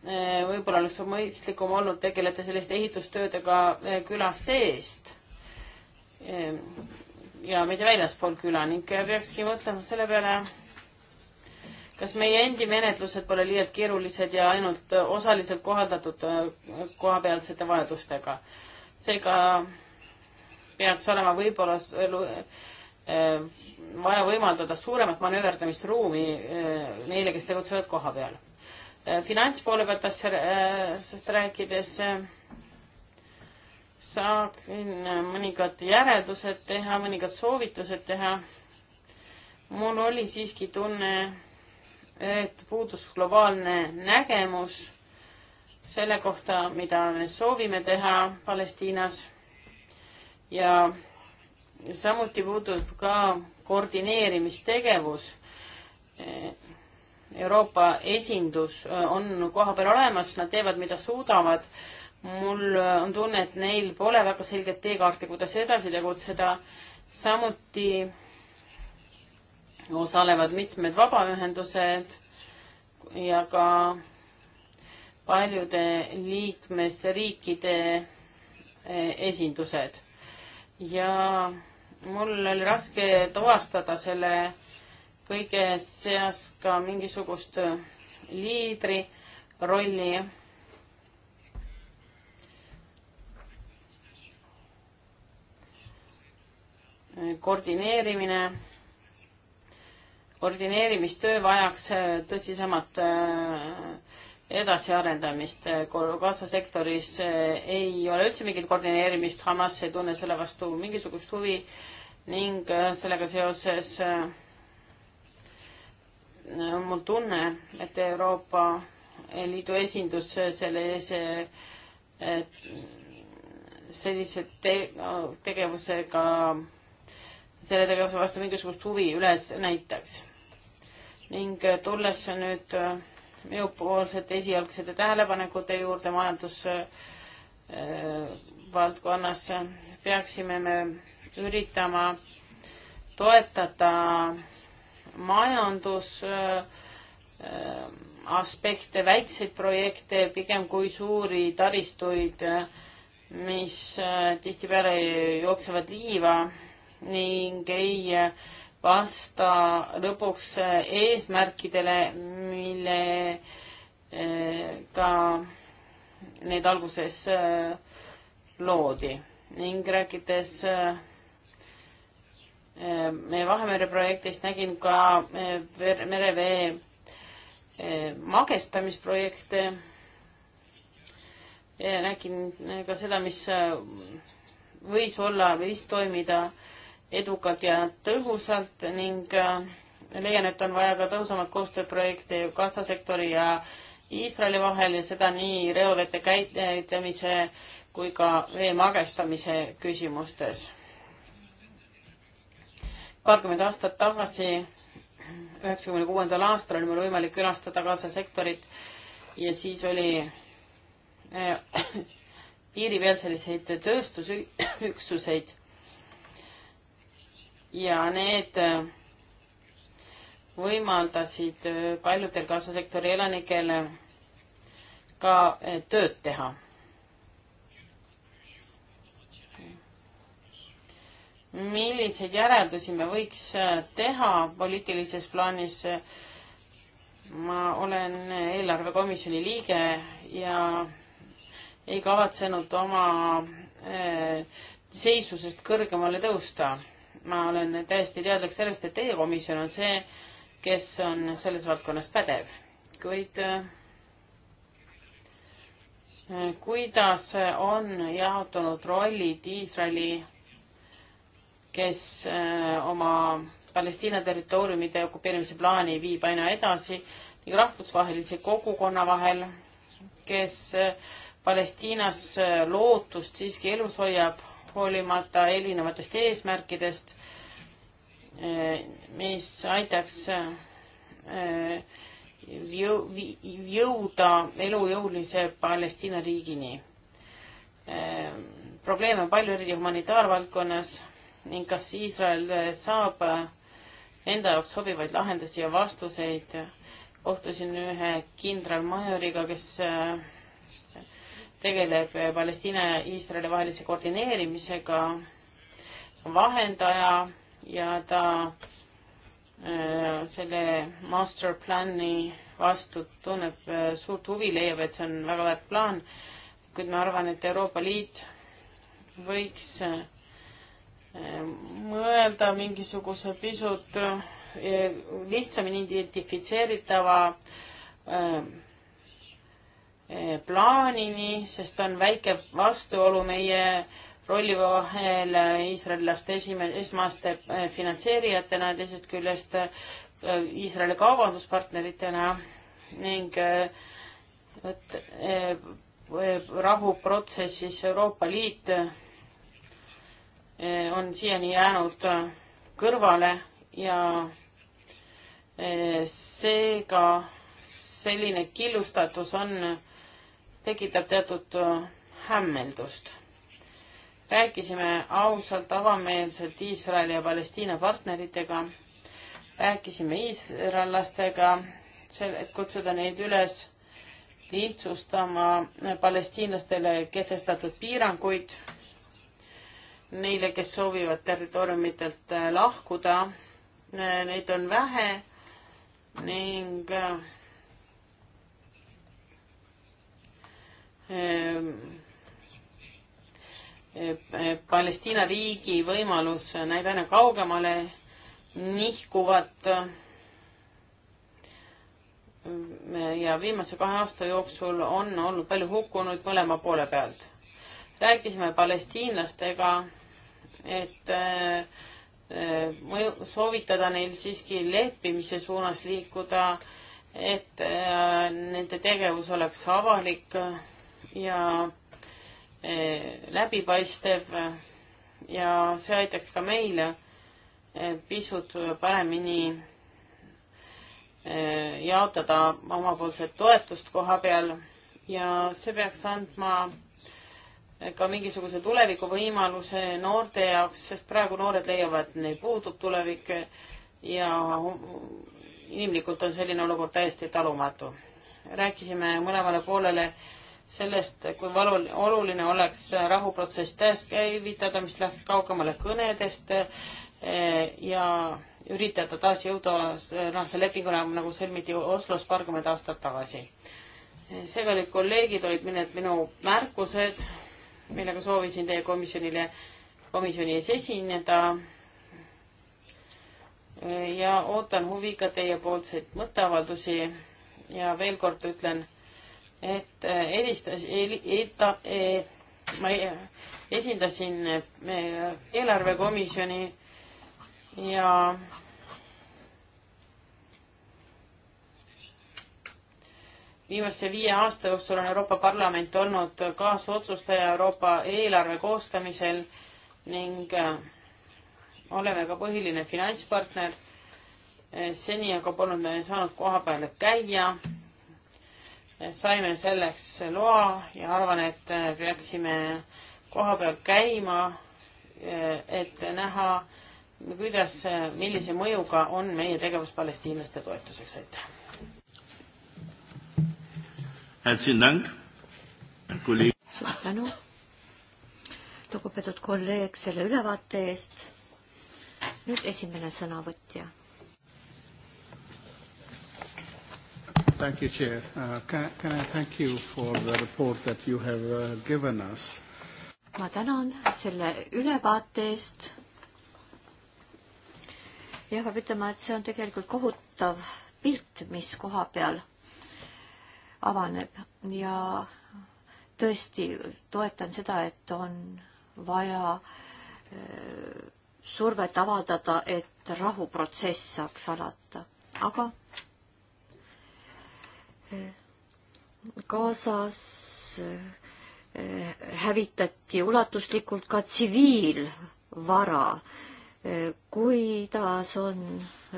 võib-olla oleks mõistlikum olnud tegeleda selliste ehitustöödega küla seest ja mitte väljaspool küla ning peakski mõtlema selle peale, kas meie endi menetlused pole liialt keerulised ja ainult äh, osaliselt kohaldatud äh, kohapealsete vajadustega? seega peaks olema võib-olla äh, vaja võimaldada suuremat manööverdamisruumi neile, kes tegutsevad koha peal. finantspoole pealt asjast rääkides saaksin mõningad järeldused teha, mõningad soovitused teha. mul oli siiski tunne, et puudus globaalne nägemus selle kohta, mida me soovime teha Palestiinas ja samuti puudub ka koordineerimistegevus. Euroopa esindus on kohapeal olemas, nad teevad, mida suudavad. mul on tunne, et neil pole väga selget teekaarti, kuidas edasi tegutseda. samuti osalevad mitmed vabaühendused ja ka paljude liikmesriikide eh, esindused. ja mul oli raske tuvastada selle kõige seas ka mingisugust liidri rolli koordineerimine koordineerimistöö vajaks äh, tõsisemat äh, edasiarendamist. Gaza äh, sektoris ei ole üldse mingit koordineerimist, Hamas ei tunne selle vastu mingisugust huvi ning sellega seoses on mul tunne, et Euroopa Liidu esindus selle ees sellise te-, tegevusega, selle tegevuse vastu mingisugust huvi üles näitaks ning äh, tulles nüüd äh, minupoolsete esialgsete tähelepanekute juurde majandusvaldkonnas äh,, peaksime me üritama toetada majandus äh, aspekte, väikseid projekte pigem kui suuri taristuid, mis äh, tihtipeale jooksevad liiva ning ei äh, vasta lõpuks äh, eesmärkidele, millega äh, need alguses äh, loodi ning rääkides meie Vahemere projektist nägin ka merevee magestamisprojekte. nägin ka seda, mis võis olla, võis toimida äh, edukalt ja tõhusalt ning äh, leian, et on vaja ka tõhusamat koostööprojekti kassasektori ja Iisraeli vahel ja seda nii reovete käitlemise kui ka vee magestamise küsimustes. paarkümmend aastat tagasi, üheksakümne kuuendal aastal oli mul võimalik külastada kassasektorit ja siis oli äh, (clears throat) piiri peal selliseid tööstusüksuseid ja need äh, võimaldasid äh, paljudel kasvusektori elanikel äh, ka tööd teha. milliseid järeldusi me võiks teha poliitilises plaanis? ma olen eelarvekomisjoni liige ja ei kavatsenud oma seisusest kõrgemale tõusta ma olen täiesti teadlik sellest, et teie komisjon on see, kes on selles valdkonnas pädev, kuid äh, kuidas on jaotunud rollid Iisraeli, kes äh, oma Palestiina territooriumide okupeerimise plaani viib aina edasi ning rahvusvahelise kogukonna vahel, kes äh, Palestiinas lootust siiski elus hoiab hoolimata erinevatest eesmärkidest, mis aitaks eh, jõuda elujõulise Palestiina riigini. Eh, probleeme on palju, eriti humanitaarvaldkonnas ning kas Iisrael eh, saab enda jaoks sobivaid lahendusi ja vastuseid. kohtusin ühe kindralmajoriga, kes tegeleb Palestiina ja Iisraeli vahelise koordineerimisega, on vahendaja ja ta äh, selle master plan'i vastu tunneb äh, suurt huvi, leiab, et see on väga väärt plaan, kuid ma arvan, et Euroopa Liit võiks äh, mõelda mingisuguse pisut äh, lihtsamini identifitseeritava äh, Eh, plaanini, sest on väike vastuolu meie rolli vahel eh, iisraellaste esime-, esmaste eh, finantseerijatena ja teisest küljest Iisraeli kaubanduspartneritena ning et rahuprotsessis Euroopa Liit on siiani jäänud kõrvale ja seega selline killustatus on tekitab teatud hämmeldust. rääkisime ausalt, avameelselt Iisraeli ja Palestiina partneritega, rääkisime iisraellastega, et kutsuda neid üles lihtsustama palestiinlastele kehtestatud piiranguid neile, kes soovivad territooriumitelt äh, lahkuda. Äh, neid on vähe ning äh, Ehm, ehm, Palestiina riigi võimalus näib aina kaugemale nihkuvat ehm, ja viimase kahe aasta jooksul on olnud palju hukkunuid mõlema poole pealt. rääkisime palestiinlastega, et mõju, soovitada neil siiski leppimise suunas liikuda, et nende tegevus oleks avalik ja eh, läbipaistev eh, ja see aitaks ka meil eh, pisut paremini jaotada omapoolset toetust koha peal ja see peaks andma ka mingisuguse tulevikuvõimaluse noorte jaoks, sest praegu noored leiavad, et neil puudub tulevik ja inimlikult on selline olukord täiesti talumatu. rääkisime mõlemale poolele äh, sellest, kui valu, oluline oleks rahuprotsess taaskäivitada, mis läheks kaugemale kõnedest eh, ja üritada taas jõuda sarnase noh, lepinguna, nagu, nagu sõlmiti Oslos paarkümmend aastat tagasi. seega nüüd kolleegid olid mõned minu märkused, millega soovisin teie komisjonile, komisjoni ees esineda. ja ootan huviga teiepoolseid mõtteavaldusi ja veel kord ütlen et äh, edistas, edita, ma e-, esindasin äh, eelarvekomisjoni ja viimase viie aasta jooksul on Euroopa Parlament olnud kaasotsustaja Euroopa eelarve koostamisel ning äh, oleme ka põhiline finantspartner. seni aga polnud me saanud koha peal käia saime selleks loa ja arvan, et peaksime koha peal käima, et näha, kuidas, millise mõjuga on meie tegevus palestiinlaste toetuseks, aitäh. suur tänu, lugupeetud kolleeg, selle ülevaate eest. nüüd esimene sõnavõtja Thank you, Chair. Uh, can, can I thank you for the report that you have uh, given us? ma tänan selle ülevaate eest. jah, peab ütlema, et see on tegelikult kohutav pilt, mis koha peal avaneb ja tõesti toetan seda, et on vaja äh, survet avaldada, et rahuprotsess saaks alata, aga Gazas eh, hävitati ulatuslikult ka tsiviilvara. Eh, kuidas on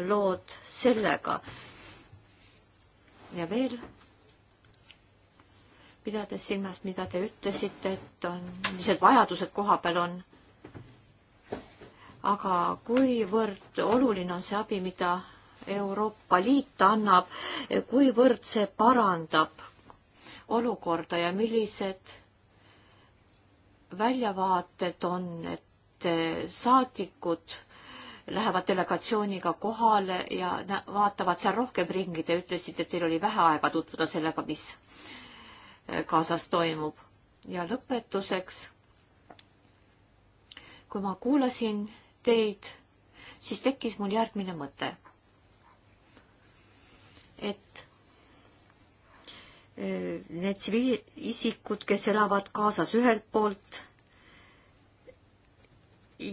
lood sellega? ja veel, pidades silmas, mida te ütlesite, et on, millised vajadused koha peal on aga kuivõrd oluline on see abi, mida Euroopa Liit annab, kuivõrd see parandab olukorda ja millised väljavaated on, et eh, saadikud lähevad delegatsiooniga kohale ja vaatavad seal rohkem ringi. Te ütlesite, et teil oli vähe aega tutvuda sellega, mis eh, kaasas toimub. ja lõpetuseks, kui ma kuulasin teid, siis tekkis mul järgmine mõte et äh, need tsiviilisikud, kes elavad kaasas ühelt poolt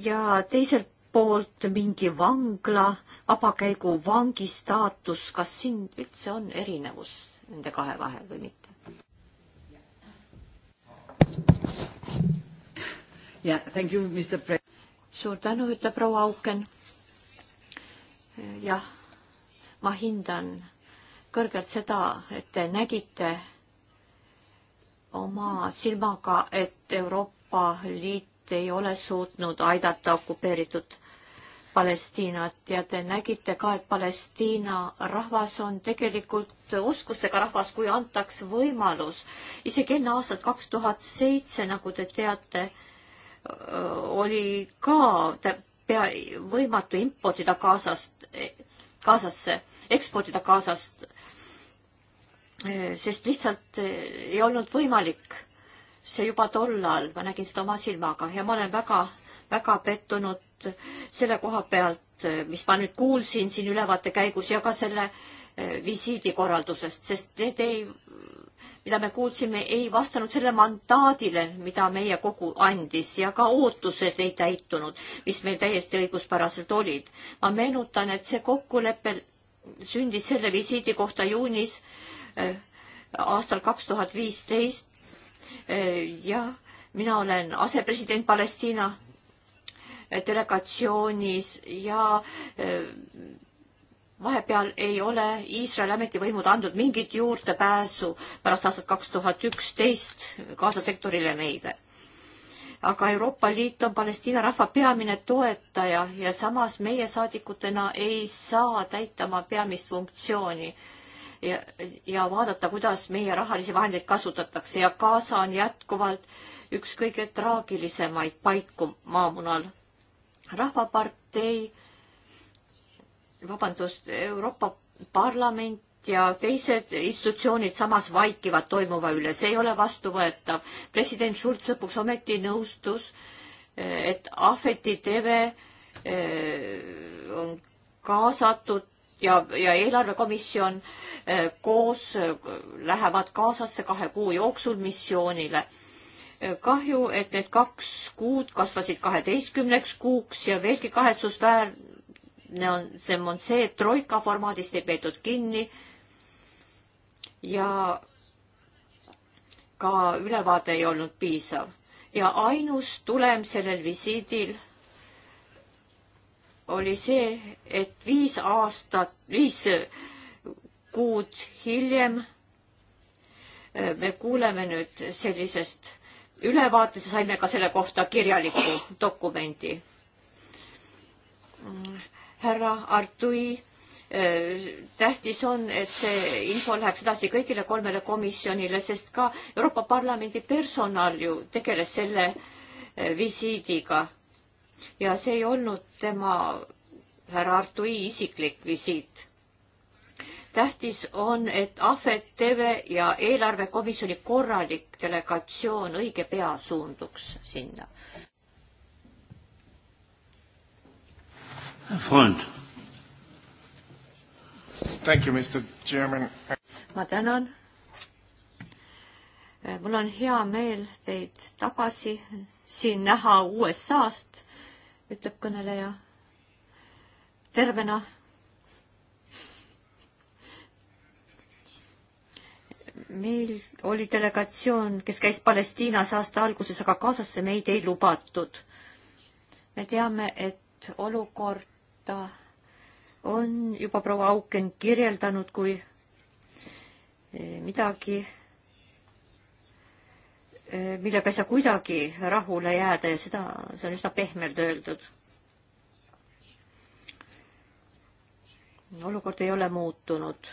ja teiselt poolt mingi vangla, vabakäigu vangi staatus, kas siin üldse on erinevus nende kahe vahel või mitte? Yeah, thank you, Mr. Pre-. suur tänu, ütleb proua Auken. jah, ma hindan kõrgelt seda, et te nägite oma silmaga, et Euroopa Liit ei ole suutnud aidata okupeeritud Palestiinat ja te nägite ka, et Palestiina rahvas on tegelikult oskustega rahvas, kui antaks võimalus. isegi enne aastat kaks tuhat seitse, nagu te teate, oli ka pea võimatu importida Gazast, Gazasse, eksportida Gazast Äh, sest lihtsalt äh, ei olnud võimalik see juba tollal, ma nägin seda oma silmaga ja ma olen väga, väga pettunud selle koha pealt, äh, mis ma nüüd kuulsin siin ülevaate käigus ja ka selle visiidi korraldusest, sest need ei, mida me kuulsime, ei vastanud selle mandaadile, mida meie kogu andis ja ka ootused ei täitunud, mis meil täiesti õiguspäraselt olid. ma meenutan, et see kokkulepe sündis selle visiidi kohta juunis kaks aastal kaks tuhat viisteist ja mina olen asepresident Palestiina delegatsioonis ja äh, vahepeal ei ole Iisraeli ametivõimud andnud mingit juurdepääsu pärast aastat kaks tuhat üksteist Gaza sektorile meile. aga Euroopa Liit on Palestiina rahva peamine toetaja ja samas meie saadikutena ei saa täita oma peamist funktsiooni ja, ja vaadata, kuidas meie rahalisi vahendeid kasutatakse ja Gaza on jätkuvalt üks kõige traagilisemaid paiku maamunal. rahvapartei, vabandust, Euroopa Parlament ja teised institutsioonid samas vaikivad toimuva üle, see ei ole vastuvõetav. president Schulz lõpuks ometi nõustus, et Ahveti TV eh, on kaasatud ja, ja eelarvekomisjon eh, koos eh, lähevad Gazasse kahe kuu jooksul missioonile. Eh, kahju, et need kaks kuud kasvasid kaheteistkümneks kuuks ja veelgi kahetsusväärne on see, on see, et troika formaadist ei peetud kinni ja ka ülevaade ei olnud piisav ja ainus tulem sellel visiidil oli see, et viis aastat, viis kuud hiljem äh, me kuuleme nüüd sellisest ülevaatest ja saime ka selle kohta kirjaliku dokumendi. härra Artui, äh, tähtis on, et see info läheks edasi kõigile kolmele komisjonile, sest ka Euroopa Parlamendi personal ju tegeles selle äh, visiidiga ja see ei olnud tema, härra Artui isiklik visiit. tähtis on, et Ahvet TV ja eelarvekomisjoni korralik delegatsioon õige pea suunduks sinna. Freund. Thank you, Mr Chairman. ma tänan mul on hea meel teid tagasi siin näha USA-st ütleb kõneleja tervena. meil oli delegatsioon, kes käis Palestiinas aasta alguses, aga Gazasse meid ei lubatud. me teame, et olukorda on juba proua Auken kirjeldanud kui eh, midagi, Eh, millega ei saa kuidagi rahule jääda ja seda, see on üsna pehmelt öeldud. olukord ei ole muutunud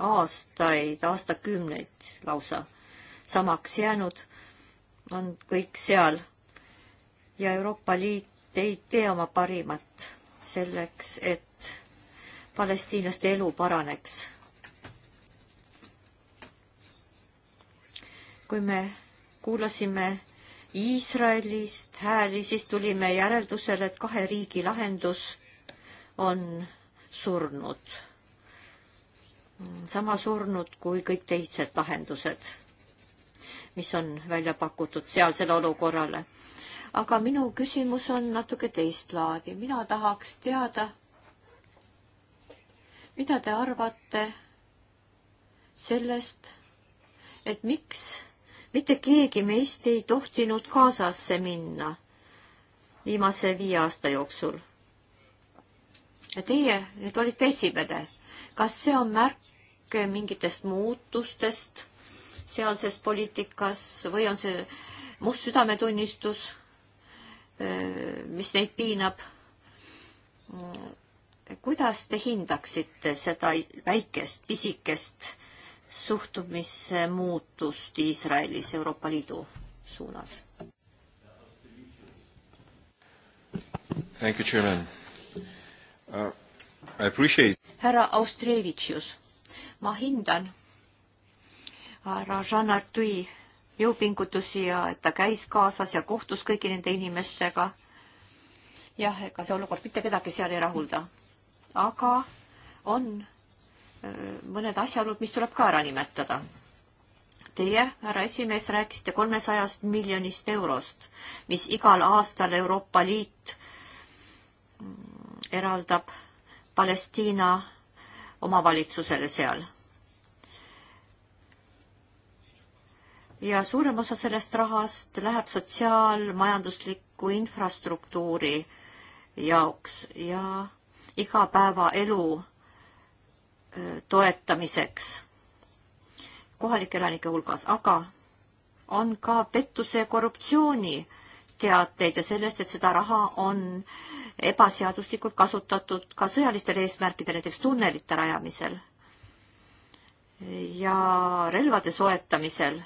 aastaid, aastakümneid lausa samaks jäänud, on kõik seal ja Euroopa Liit ei tee oma parimat selleks, et palestiinlaste elu paraneks. kui me kuulasime Iisraelist hääli, siis tulime järeldusele, et kahe riigi lahendus on surnud. sama surnud kui kõik teised lahendused, mis on välja pakutud sealsele olukorrale. aga minu küsimus on natuke teist laadi. mina tahaks teada, mida te arvate sellest, et miks mitte keegi meist ei tohtinud Gazasse minna viimase viie aasta jooksul. ja teie nüüd olite esimene. kas see on märk mingitest muutustest sealses politikas või on see must südametunnistus, mis neid piinab? kuidas te hindaksite seda väikest, pisikest suhtumise muutust Iisraelis Euroopa Liidu suunas? Thank you, Chairman. Uh, I appreciate... härra Austrevitšius, ma hindan härra Jean Artui jõupingutusi ja et ta käis kaasas ja kohtus kõigi nende inimestega. jah, ega see olukord mitte kedagi seal ei rahulda, aga on mõned asjaolud, mis tuleb ka ära nimetada. Teie, härra esimees, rääkisite kolmesajast miljonist eurost, mis igal aastal Euroopa Liit mm, eraldab Palestiina omavalitsusele seal. ja suurem osa sellest rahast läheb sotsiaalmajandusliku infrastruktuuri jaoks ja igapäevaelu Äh, toetamiseks kohalike elanike hulgas, aga on ka pettuse ja korruptsiooni teateid ja sellest, et seda raha on ebaseaduslikult kasutatud ka sõjalistel eesmärkidel, näiteks tunnelite rajamisel ja relvade soetamisel,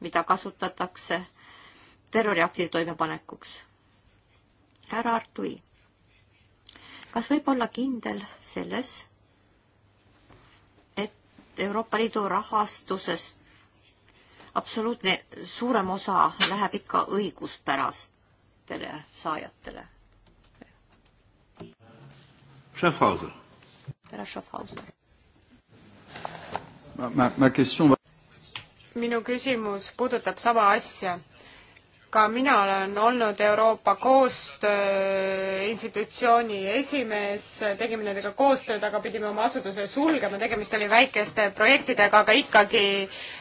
mida kasutatakse terroriaktide toimepanekuks. härra Artui, kas võib olla kindel selles, Euroopa Liidu rahastusest absoluutne suurem osa läheb ikka õiguspärastele saajatele. Schaffhauser. härra Schaffhauser. minu küsimus puudutab sama asja ka mina olen olnud Euroopa Koostöö Institutsiooni esimees, tegime nendega koostööd, aga pidime oma asutuse sulgema, tegemist oli väikeste projektidega, aga ikkagi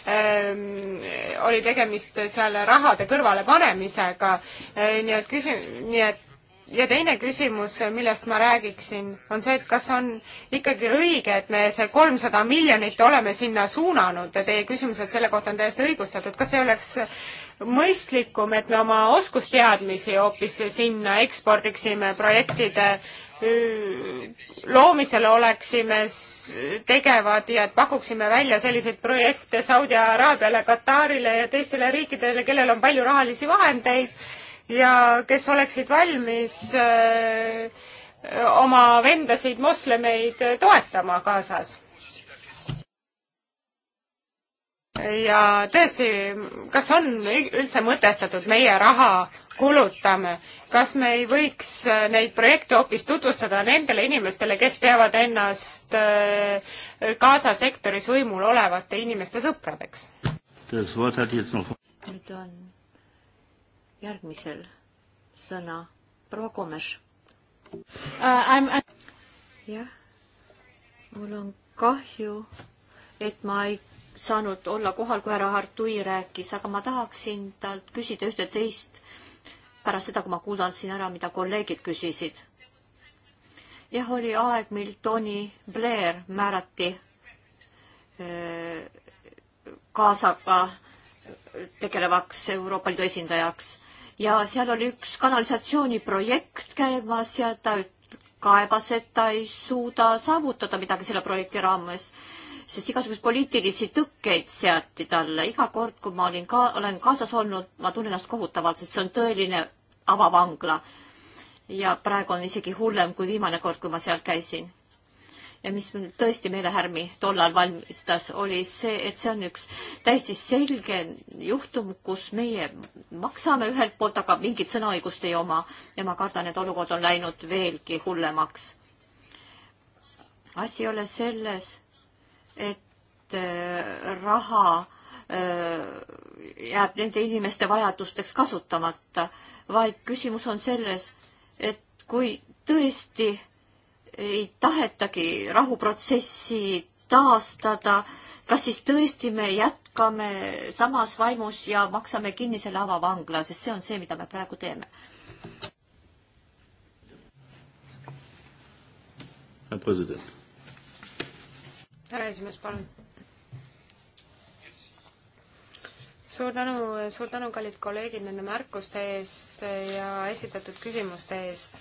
ähm, oli tegemist seal rahade kõrvalepanemisega äh,. nii et küsi-, nii et ja teine küsimus, millest ma räägiksin, on see, et kas on ikkagi õige, et me see kolmsada miljonit oleme sinna suunanud ja teie küsimused selle kohta on täiesti õigustatud, kas ei oleks mõistlikum, et me oma oskusteadmisi hoopis sinna ekspordiksime, projektide loomisel oleksime tegevad ja pakuksime välja selliseid projekte Saudi Araabiale, Katarile ja teistele riikidele, kellel on palju rahalisi vahendeid ja kes oleksid valmis öö, oma vendasid moslemeid toetama kaasas ja tõesti, kas on üldse mõtestatud meie raha kulutame, kas me ei võiks äh, neid projekte hoopis tutvustada nendele inimestele, kes peavad ennast äh, Gaza sektoris võimul olevate inimeste sõpradeks? nüüd on järgmisel sõna proua Komes uh,. jah, mul on kahju, et ma ei saanud olla kohal, kui härra Artui rääkis, aga ma tahaksin talt küsida ühte-teist pärast seda, kui ma kuulan siin ära, mida kolleegid küsisid. jah, oli aeg, mil Tony Blair määrati kaasaga tegelevaks Euroopa Liidu esindajaks ja seal oli üks kanalisatsiooniprojekt käimas ja ta kaebas, et ta ei suuda saavutada midagi selle projekti raames sest igasuguseid poliitilisi tõkkeid seati talle. iga kord, kui ma olin ka, olen kaasas olnud, ma tunnen ennast kohutavalt, sest see on tõeline avavangla. ja praegu on isegi hullem kui viimane kord, kui ma seal käisin. ja mis mul tõesti meelehärmi tollal valmistas, oli see, et see on üks täiesti selge juhtum, kus meie maksame ühelt poolt, aga mingit sõnaõigust ei oma. ja ma kardan, et olukord on läinud veelgi hullemaks asi ei ole selles, et äh, raha äh, jääb nende inimeste vajadusteks kasutamata, vaid küsimus on selles, et kui tõesti ei tahetagi rahuprotsessi taastada, kas siis tõesti me jätkame samas vaimus ja maksame kinni selle avavangla, sest see on see, mida me praegu teeme. president härra esimees, palun. suur tänu, suur tänu, kallid kolleegid, nende märkuste eest ja esitatud küsimuste eest.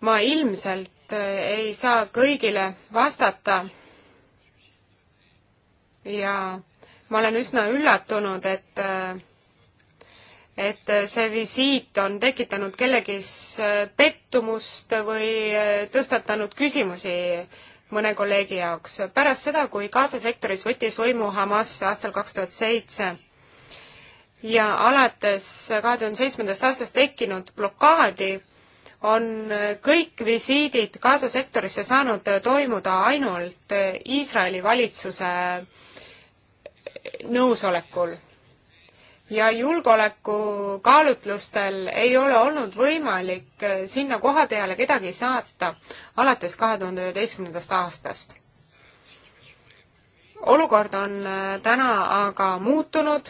ma ilmselt ei saa kõigile vastata ja ma olen üsna üllatunud, et et see visiit on tekitanud kellegis pettumust või tõstatanud küsimusi mõne kolleegi jaoks. pärast seda, kui Gaza sektoris võttis võimu Hamas aastal kaks tuhat seitse ja alates kahe tuhande seitsmendast aastast tekkinud blokaadi, on kõik visiidid Gaza sektorisse saanud toimuda ainult Iisraeli valitsuse nõusolekul ja julgeolekukaalutlustel ei ole olnud võimalik äh, sinna koha peale kedagi saata alates kahe tuhande üheteistkümnendast aastast. olukord on äh, täna aga muutunud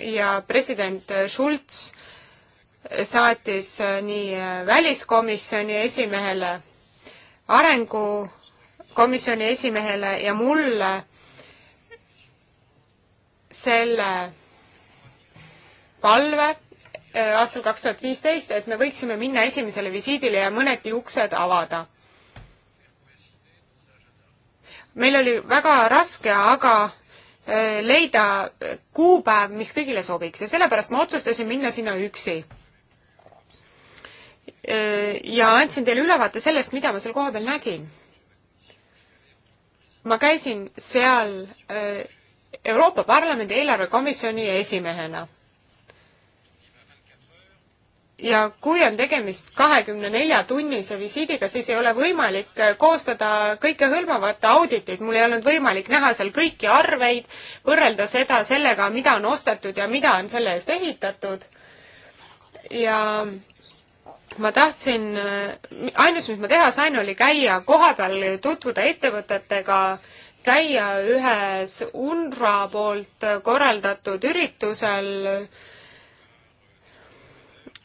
ja president äh, Schulz saatis nii väliskomisjoni esimehele, arengukomisjoni esimehele ja mulle selle palve äh, aastal kaks tuhat viisteist, et me võiksime minna esimesele visiidile ja mõneti uksed avada. meil oli väga raske, aga äh, leida äh, kuupäev, mis kõigile sobiks ja sellepärast ma otsustasin minna sinna üksi. ja andsin teile ülevaate sellest, mida ma seal kohapeal nägin. ma käisin seal Euroopa Parlamendi eelarvekomisjoni esimehena ja kui on tegemist kahekümne nelja tunnise visiidiga, siis ei ole võimalik äh, koostada kõikehõlmavat auditit, mul ei olnud võimalik näha seal kõiki arveid, võrrelda seda sellega, mida on ostetud ja mida on selle eest ehitatud. ja ma tahtsin, äh, ainus, mis ma teha sain, oli käia kohapeal, tutvuda ettevõtetega, käia ühes UNRWA poolt korraldatud üritusel,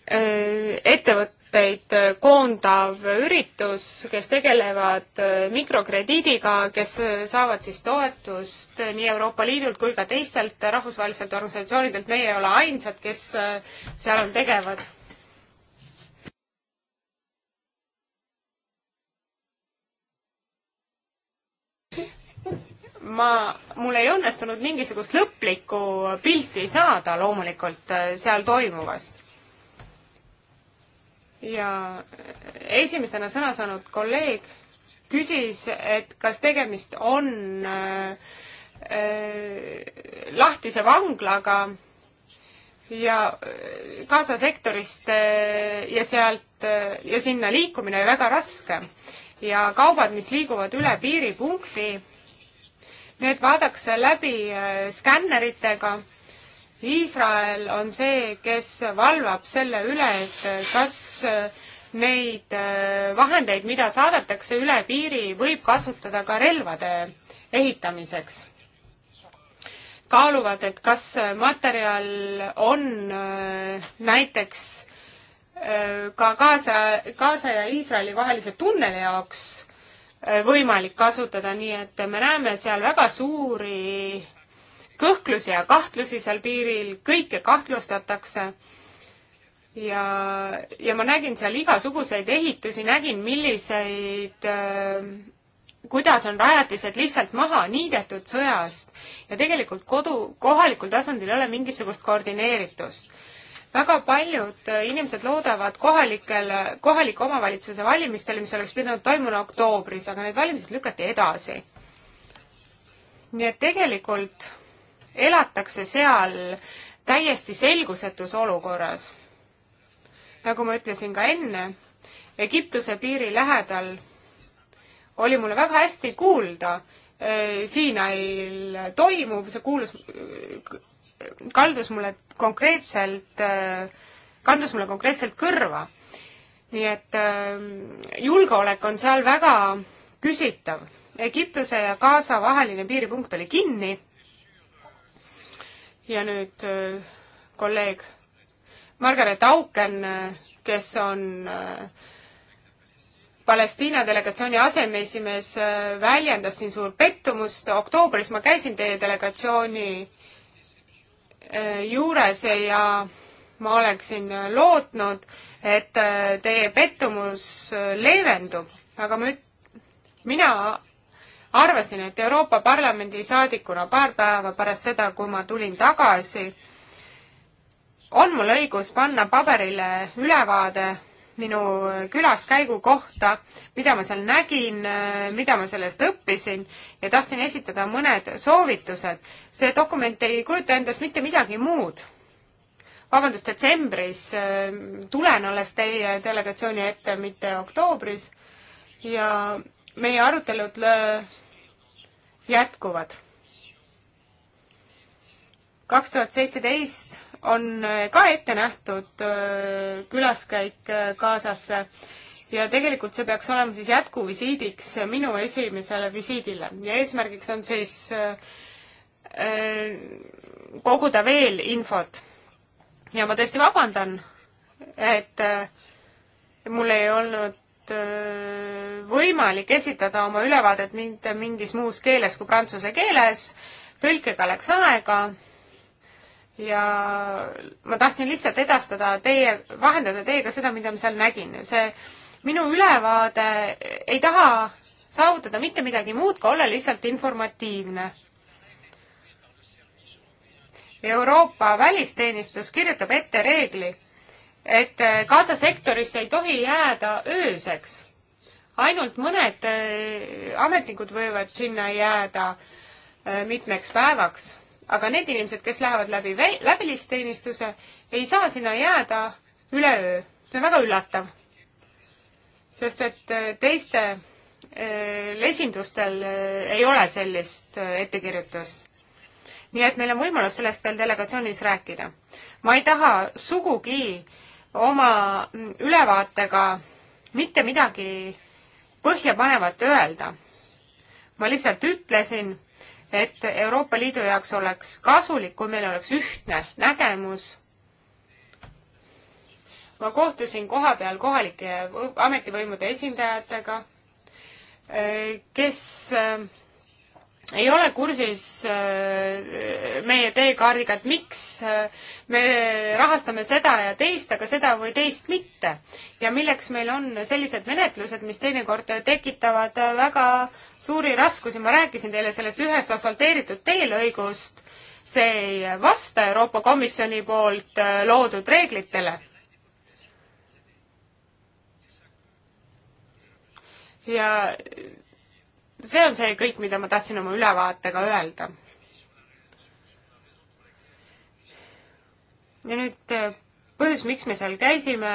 Äh, ettevõtteid äh, koondav üritus, kes tegelevad äh, mikrokrediidiga, kes saavad siis toetust nii Euroopa Liidult kui ka teistelt rahvusvahelistelt organisatsioonidelt, meie ei ole ainsad, kes seal on tegevad ma, mul ei õnnestunud mingisugust lõplikku pilti saada loomulikult seal toimuvast ja esimesena sõna saanud kolleeg küsis, et kas tegemist on äh, äh, lahtise vanglaga ja äh, Gaza sektorist äh, ja sealt äh, ja sinna liikumine oli väga raske. ja kaubad, mis liiguvad üle piiripunkti, need vaadatakse läbi äh, skänneritega Iisrael on see, kes valvab selle üle, et kas neid äh, vahendeid, mida saadetakse üle piiri, võib kasutada ka relvade ehitamiseks. kaaluvad, et kas materjal on äh, näiteks äh, ka Gaza, Gaza ja Iisraeli vahelise tunneli jaoks võimalik kasutada, nii et me näeme seal väga suuri kõhklusi ja kahtlusi seal piiril, kõike kahtlustatakse. ja, ja ma nägin seal igasuguseid ehitusi, nägin, milliseid äh, kuidas on rajatised lihtsalt maha niidetud sõjast ja tegelikult kodu, kohalikul tasandil ei ole mingisugust koordineeritust. väga paljud äh, inimesed loodavad kohalikel, kohaliku omavalitsuse valimistel, mis oleks pidanud toimuma oktoobris, aga need valimised lükati edasi. nii et tegelikult elatakse seal täiesti selgusetus olukorras. nagu ma ütlesin ka enne, Egiptuse piiri lähedal oli mulle väga hästi kuulda äh, Siinail toimuv, see kuulus, äh, kaldus mulle konkreetselt, äh, kandus mulle konkreetselt kõrva. nii et julgeolek on seal väga küsitav. Egiptuse ja Gaza vaheline piiripunkt oli kinni ja nüüd äh, kolleeg Margaret Auken, äh, kes on äh, Palestiina delegatsiooni aseesimees, väljendas siin suurt pettumust. oktoobris ma käisin teie delegatsiooni juures ja ma oleksin lootnud, et teie pettumus leevendub, aga ma üt-, mina arvasin, et Euroopa Parlamendi saadikuna paar päeva pärast seda, kui ma tulin tagasi, on mul õigus panna paberile ülevaade minu külaskäigu kohta, mida ma seal nägin, mida ma sellest õppisin ja tahtsin esitada mõned soovitused. see dokument ei kujuta endast mitte midagi muud. vabandust, detsembris äh, tulen alles teie delegatsiooni ette, mitte oktoobris ja meie arutelud jätkuvad. kaks tuhat seitseteist on äh, ka ette nähtud äh, külaskäik äh, Gazasse ja tegelikult see peaks olema siis jätkuvisiidiks minu esimesele visiidile ja eesmärgiks on siis koguda veel infot. ja ma tõesti vabandan, et mul ei olnud olnud äh, võimalik esitada oma ülevaadet mitte mingis muus keeles kui prantsuse keeles, tõlkega läks aega ja ma tahtsin lihtsalt edastada teie, vahendada teiega seda, mida ma seal nägin. see minu ülevaade ei taha saavutada mitte midagi muud, kui olla lihtsalt informatiivne. Euroopa välisteenistus kirjutab ette reegli et äh, Gaza sektorisse ei tohi jääda ööseks. ainult mõned äh, ametnikud võivad sinna jääda äh, mitmeks päevaks, aga need inimesed, kes lähevad läbi läbilisteenistuse, ei saa sinna jääda üleöö. see on väga üllatav. sest et teiste esindustel ei ole sellist ettekirjutust. nii et meil on võimalus sellest veel delegatsioonis rääkida. ma ei taha sugugi äh, oma ülevaatega mitte midagi põhjapanevat öelda. ma lihtsalt ütlesin, et Euroopa Liidu jaoks oleks kasulik, kui meil oleks ühtne nägemus. ma kohtusin kohapeal kohalike ametivõimude esindajatega, kes ei ole kursis äh, meie teekaardiga, et miks äh, me rahastame seda ja teist, aga seda või teist mitte. ja milleks meil on sellised menetlused, mis teinekord tekitavad väga suuri raskusi, ma rääkisin teile sellest ühest asfalteeritud teelõigust, see ei vasta Euroopa Komisjoni poolt äh, loodud reeglitele ja see on see kõik, mida ma tahtsin oma ülevaatega öelda. ja nüüd äh, põhjus, miks me seal käisime.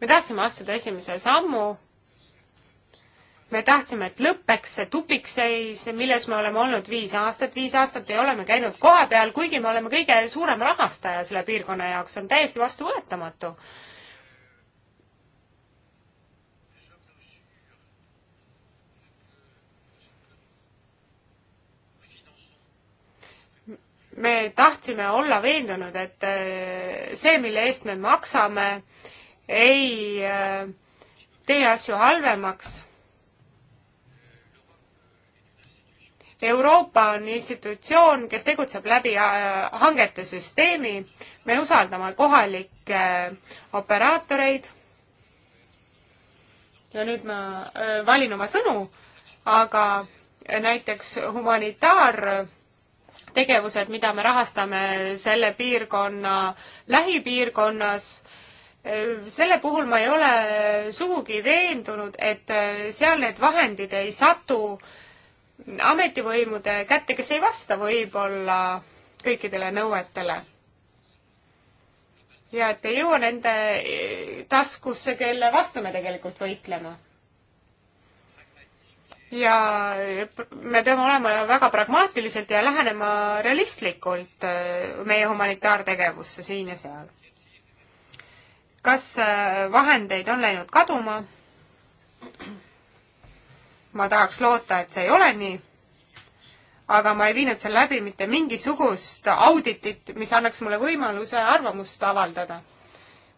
me tahtsime astuda esimese sammu. me tahtsime, et lõpeks see tupikseis, milles me oleme olnud viis aastat. viis aastat ei ole me käinud kohapeal, kuigi me oleme kõige suurem rahastaja selle piirkonna jaoks, see on täiesti vastuvõetamatu me tahtsime olla veendunud, et äh, see, mille eest me maksame, ei äh, tee asju halvemaks. Euroopa on institutsioon, kes tegutseb läbi äh, hangete süsteemi, me usaldame kohalikke operaatoreid ja nüüd ma valin oma sõnu, aga näiteks humanitaar- tegevused, mida me rahastame selle piirkonna, lähipiirkonnas, selle puhul ma ei ole sugugi veendunud, et seal need vahendid ei satu ametivõimude kätte, kes ei vasta võib-olla kõikidele nõuetele. ja et ei jõua nende taskusse, kelle vastu me tegelikult võitleme ja me peame olema väga pragmaatiliselt ja lähenema realistlikult äh, meie humanitaartegevusse siin ja seal. kas äh, vahendeid on läinud kaduma? ma tahaks loota, et see ei ole nii. aga ma ei viinud seal läbi mitte mingisugust auditit, mis annaks mulle võimaluse arvamust avaldada.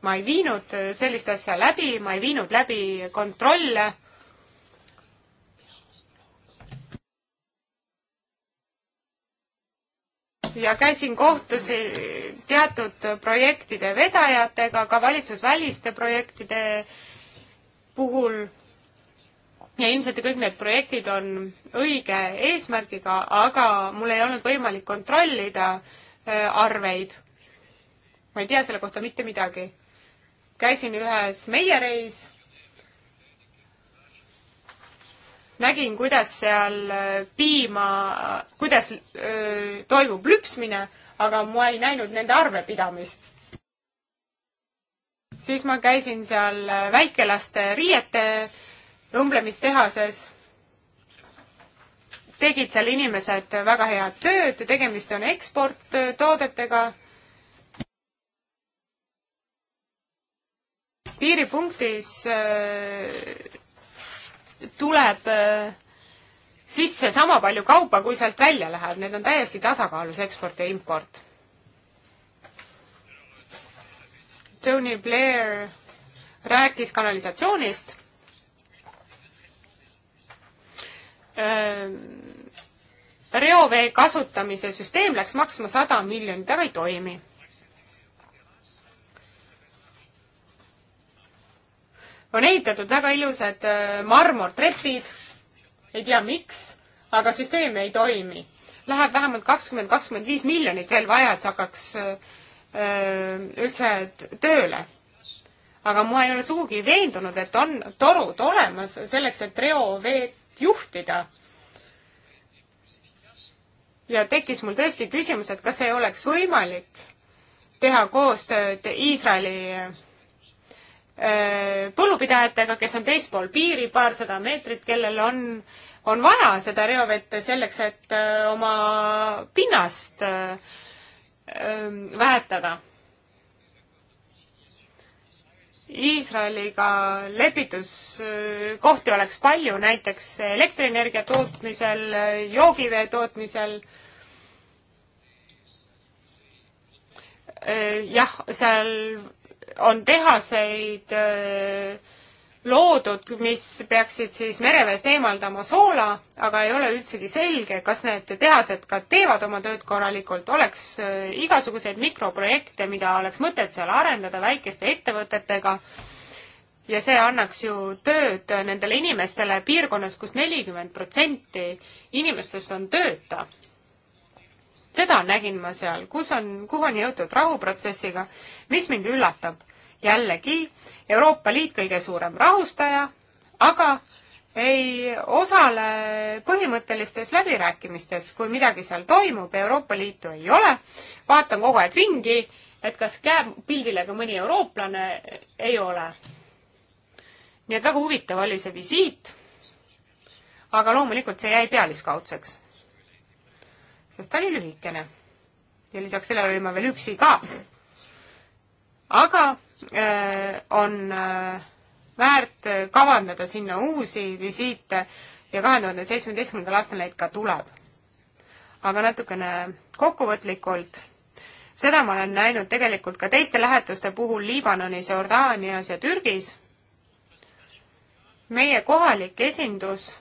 ma ei viinud sellist asja läbi, ma ei viinud läbi kontrolle ja käisin, kohtusin teatud projektide vedajatega, ka valitsusväliste projektide puhul. ja ilmselt kõik need projektid on õige eesmärgiga, aga mul ei olnud võimalik kontrollida äh, arveid. ma ei tea selle kohta mitte midagi. käisin ühes meiereis nägin, kuidas seal äh, piima, kuidas öö, äh, toimub lüpsmine, aga ma ei näinud nende arvepidamist. siis ma käisin seal äh, väikelaste riiete õmblemistehases. tegid seal inimesed väga head tööd, tegemist on eksporttoodetega. piiripunktis öö, tuleb äh, sisse sama palju kaupa, kui sealt välja läheb, need on täiesti tasakaalus eksport ja import. Tony Blair rääkis kanalisatsioonist. Äh, reovee kasutamise süsteem läks maksma sada miljonit, aga ei toimi on ehitatud väga ilusad äh, marmortrepid, ei tea miks, aga süsteem ei toimi. Läheb vähemalt kakskümmend, kakskümmend viis miljonit veel vaja, et see hakkaks äh, äh, üldse tööle. aga ma ei ole sugugi veendunud, et on torud olemas selleks, et reoveed juhtida. ja tekkis mul tõesti küsimus, et kas ei oleks võimalik teha koostööd Iisraeli Äh, põllupidajatega, kes on teispool piiri, paarsada meetrit, kellel on, on vaja seda reovett selleks, et äh, oma pinnast äh, väetada. Iisraeliga lepituskohti oleks palju, näiteks elektrienergia tootmisel, joogivee tootmisel jah, seal on tehaseid äh, loodud, mis peaksid siis mereväest eemaldama soola, aga ei ole üldsegi selge, kas need tehased ka teevad oma tööd korralikult, oleks äh, igasuguseid mikroprojekte, mida oleks mõtet seal arendada väikeste ettevõtetega ja see annaks ju tööd nendele inimestele piirkonnas kus, kus nelikümmend protsenti inimestest on tööta seda nägin ma seal, kus on, kuhu on jõutud rahuprotsessiga, mis mind üllatab. jällegi, Euroopa Liit kõige suurem rahustaja, aga ei osale põhimõttelistes läbirääkimistes, kui midagi seal toimub, Euroopa Liitu ei ole, vaatan kogu aeg ringi, et kas käib pildile ka mõni eurooplane, ei ole. nii et väga huvitav oli see visiit, aga loomulikult see jäi pealiskaudseks sest ta oli lühikene. ja lisaks sellele olin ma veel üksi ka. aga äh, on äh, väärt äh, kavandada sinna uusi visiite ja kahe tuhande seitsmeteistkümnendal aastal neid ka tuleb. aga natukene kokkuvõtlikult, seda ma olen näinud tegelikult ka teiste lähetuste puhul Liibanonis, Jordaanias ja Türgis. meie kohalik esindus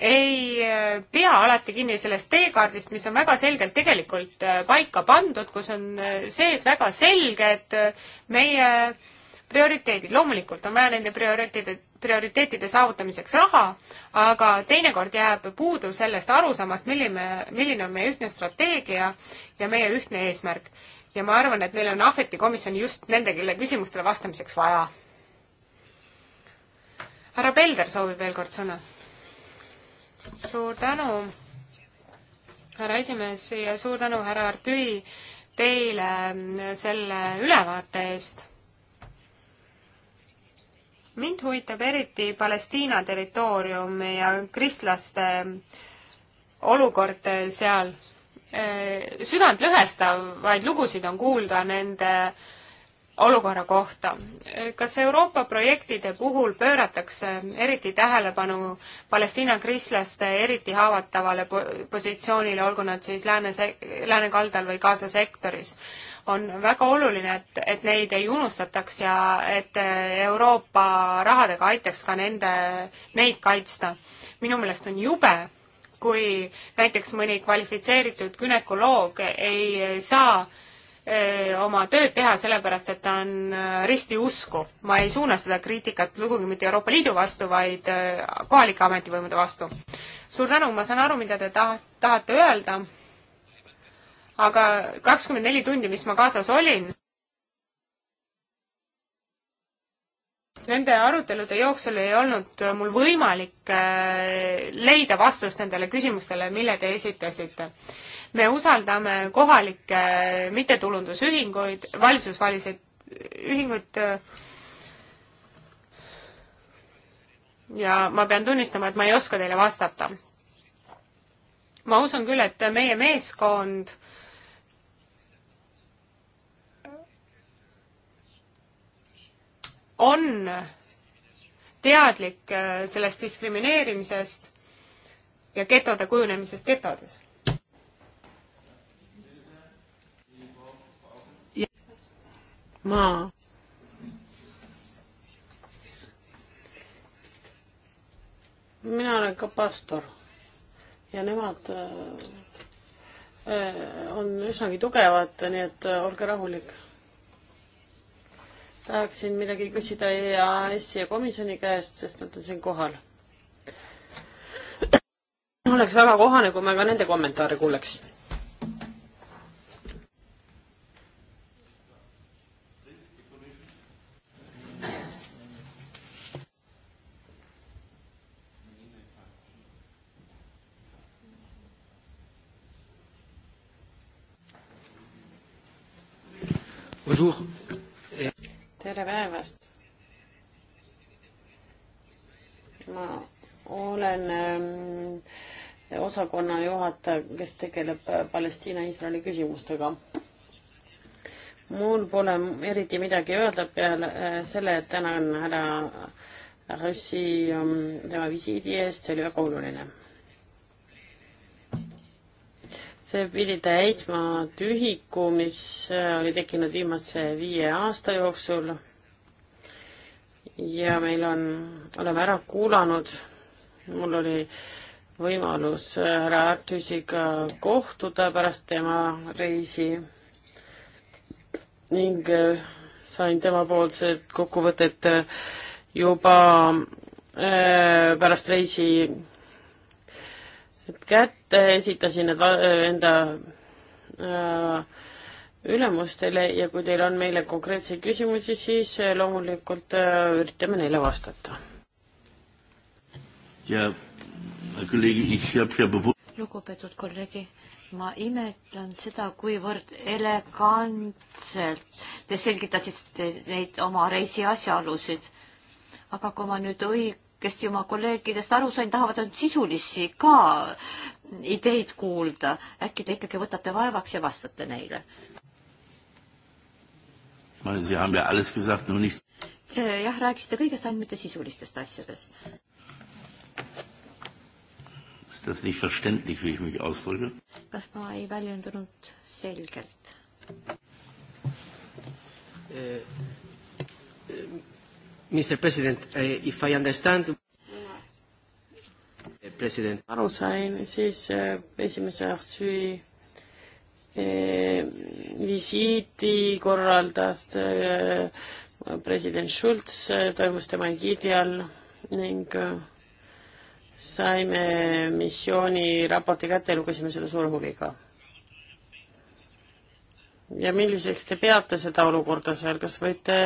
ei äh, pea alati kinni sellest teekaardist, mis on väga selgelt tegelikult äh, paika pandud, kus on äh, sees väga selged meie prioriteedid. loomulikult on vaja nende prioriteetide, prioriteetide saavutamiseks raha, aga teinekord jääb puudu sellest arusaamast, milline, milline on meie ühtne strateegia ja meie ühtne eesmärk. ja ma arvan, et meil on Ahveti komisjon just nendele küsimustele vastamiseks vaja. härra Pelder soovib veel kord sõna suur tänu, härra esimees ja suur tänu, härra Artüi, teile mm, selle ülevaate eest. mind huvitab eriti Palestiina territoorium ja kristlaste olukord seal. südantlõhestavaid lugusid on kuulda nende äh, olukorra kohta. kas Euroopa projektide puhul pööratakse eriti tähelepanu Palestiina kristlaste eriti haavatavale positsioonile, olgu nad siis lääne, lääne kaldal või Gaza sektoris? on väga oluline, et, et neid ei unustataks ja et Euroopa rahadega aitaks ka nende, neid kaitsta. minu meelest on jube, kui näiteks mõni kvalifitseeritud gümnakoloog ei saa äh, Eh, oma tööd teha, sellepärast et ta on eh, risti usku. ma ei suuna seda kriitikat sugugi mitte Euroopa Liidu vastu, vaid eh, kohalike ametivõimude vastu. suur tänu, ma saan aru, mida te ta-, tahate öelda, aga kakskümmend neli tundi, mis ma kaasas olin, Nende arutelude jooksul ei olnud mul võimalik äh, leida vastust nendele küsimustele, mille te esitasite. me usaldame kohalikke mittetulundusühinguid, valitsusväliseid ühinguid äh, ja ma pean tunnistama, et ma ei oska teile vastata. ma usun küll, et meie meeskond äh, on teadlik äh, sellest diskrimineerimisest ja getode kujunemisest getodes ma mina olen ka pastor ja nemad äh, äh on üsnagi tugevad, nii et äh, olge rahulik tahaksin midagi küsida EAS-i ja komisjoni käest, sest nad on siin kohal. oleks väga kohane, kui me ka nende kommentaare kuuleks. Bonjour tere päevast! ma olen ähm, osakonna juhataja, kes tegeleb äh, Palestiina-Iisraeli küsimustega. mul pole eriti midagi öelda peale äh, selle, et tänan härra Rossi ähm, tema visiidi eest, see oli väga oluline see pidi täitma tühiku, mis äh, oli tekkinud viimase viie aasta jooksul. ja meil on, oleme ära kuulanud, mul oli võimalus äh, härra Artüsiga kohtuda pärast tema reisi ning äh, sain temapoolsed kokkuvõtted juba pärast reisi kätte, esitasin need enda äh, ülemustele ja kui teil on meile konkreetseid küsimusi, siis äh, loomulikult äh, üritame neile vastata. lugupeetud kolleegi, ma imetlen seda, kuivõrd elegantselt te selgitasite neid oma reisi asjaolusid. aga kui ma nüüd õig-, kes oma kolleegidest aru sain, tahavad ainult sisulisi ka ideid kuulda. äkki te ikkagi võtate vaevaks ja vastate neile? jah, rääkisite kõigest, ainult mitte sisulistest asjadest. Ist das nicht verständlich, wie ich mich ausdrücke? kas ma ei väljendunud selgelt? Äh, äh, Mr President, eh, if I understand president. aru sain, siis eh, esimese Ahtsui eh, visiiti korraldas president Schulz, toimus tema egiidi all ning saime missiooni raporti kätte, lugesime selle suure huviga. ja milliseks te peate seda olukorda seal, kas võite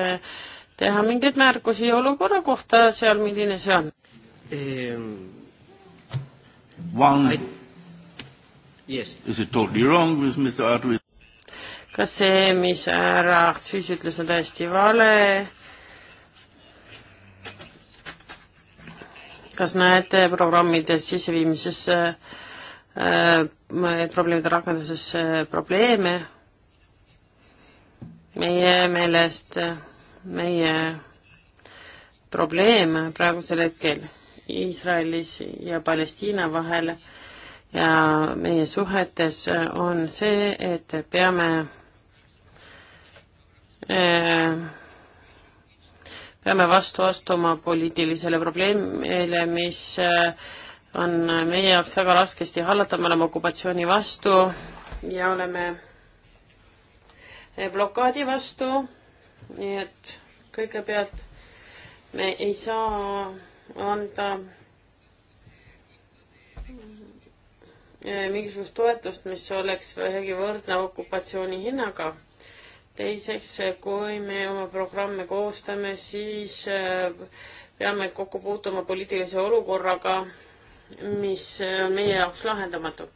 teha mingeid märkusi olukorra kohta seal, milline see on um,? Ehm, One... I... Yes. Is it totally wrong with Mr Artwis? kas see, mis härra Artvis ütles, on täiesti vale? kas näete programmide sisseviimises äh, äh probleemide rakenduses äh, probleeme? meie meelest äh, meie probleem praegusel hetkel Iisraelis ja Palestiina vahel ja meie suhetes on see, et peame, eh, peame vastu astuma poliitilisele probleemile, mis eh, on meie jaoks väga raskesti hallata, me oleme okupatsiooni vastu ja oleme eh, blokaadi vastu nii et kõigepealt me ei saa anda eh, mingisugust toetust, mis oleks vähegi võrdne okupatsiooni hinnaga. teiseks, kui me oma programme koostame, siis eh, peame kokku puutuma poliitilise olukorraga, mis eh, on meie jaoks lahendamatu.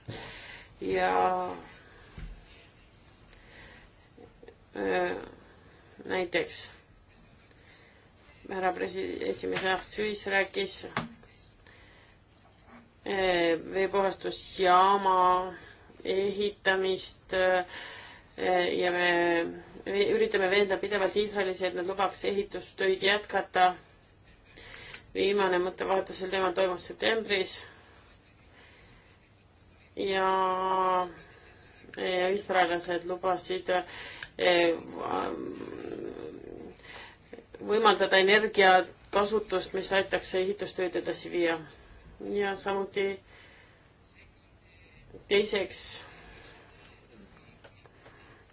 ja öö, näiteks härra presi-, esimees Artsüüs rääkis eh, veepuhastusjaama ehitamist eh, ja me üritame veenda pidevalt Iisraelis, et nad lubaks ehitustöid jätkata. viimane mõttevahetus sel teemal toimus septembris. ja iisraellased lubasid Eh, võimaldada energiakasutust, mis aitaks ehitustööd edasi viia. ja samuti teiseks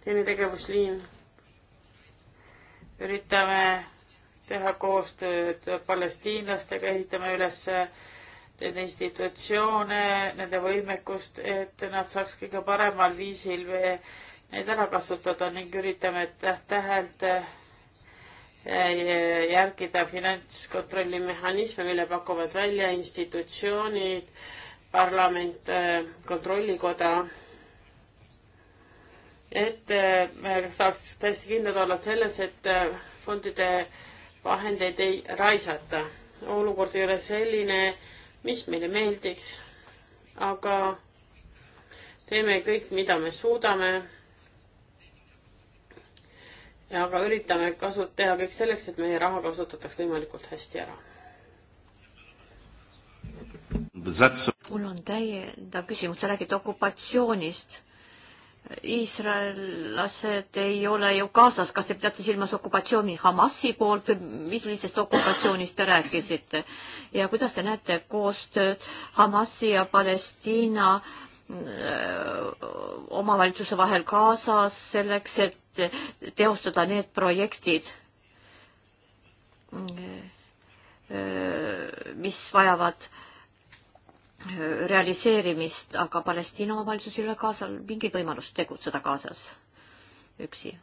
teine tegevusliin. üritame teha koostööd palestiinlastega, ehitame üles nende institutsioone, nende võimekust, et nad saaks kõige paremal viisil neid ära kasutada ning üritame täht-tähelt järgida finantskontrolli mehhanisme, mille pakuvad välja institutsioonid, parlament, kontrollikoda, et me saaks täiesti kindlad olla selles, et fondide vahendeid ei raisata. olukord ei ole selline, mis meile meeldiks, aga teeme kõik, mida me suudame aga üritame kasu-, teha kõik selleks, et meie raha kasutataks võimalikult hästi ära. mul on täiendav küsimus, te räägite okupatsioonist. iisraellased ei ole ju Gazas, kas te peate silmas okupatsiooni Hamasi poolt või millisest okupatsioonist te rääkisite? ja kuidas te näete koostööd Hamasi ja Palestiina äh, Äh, omavalitsuse vahel kaasas selleks, et teostada need projektid, äh, mis vajavad äh, realiseerimist, aga Palestiina omavalitsus ei ole kaasal mingit võimalust tegutseda kaasas üksi.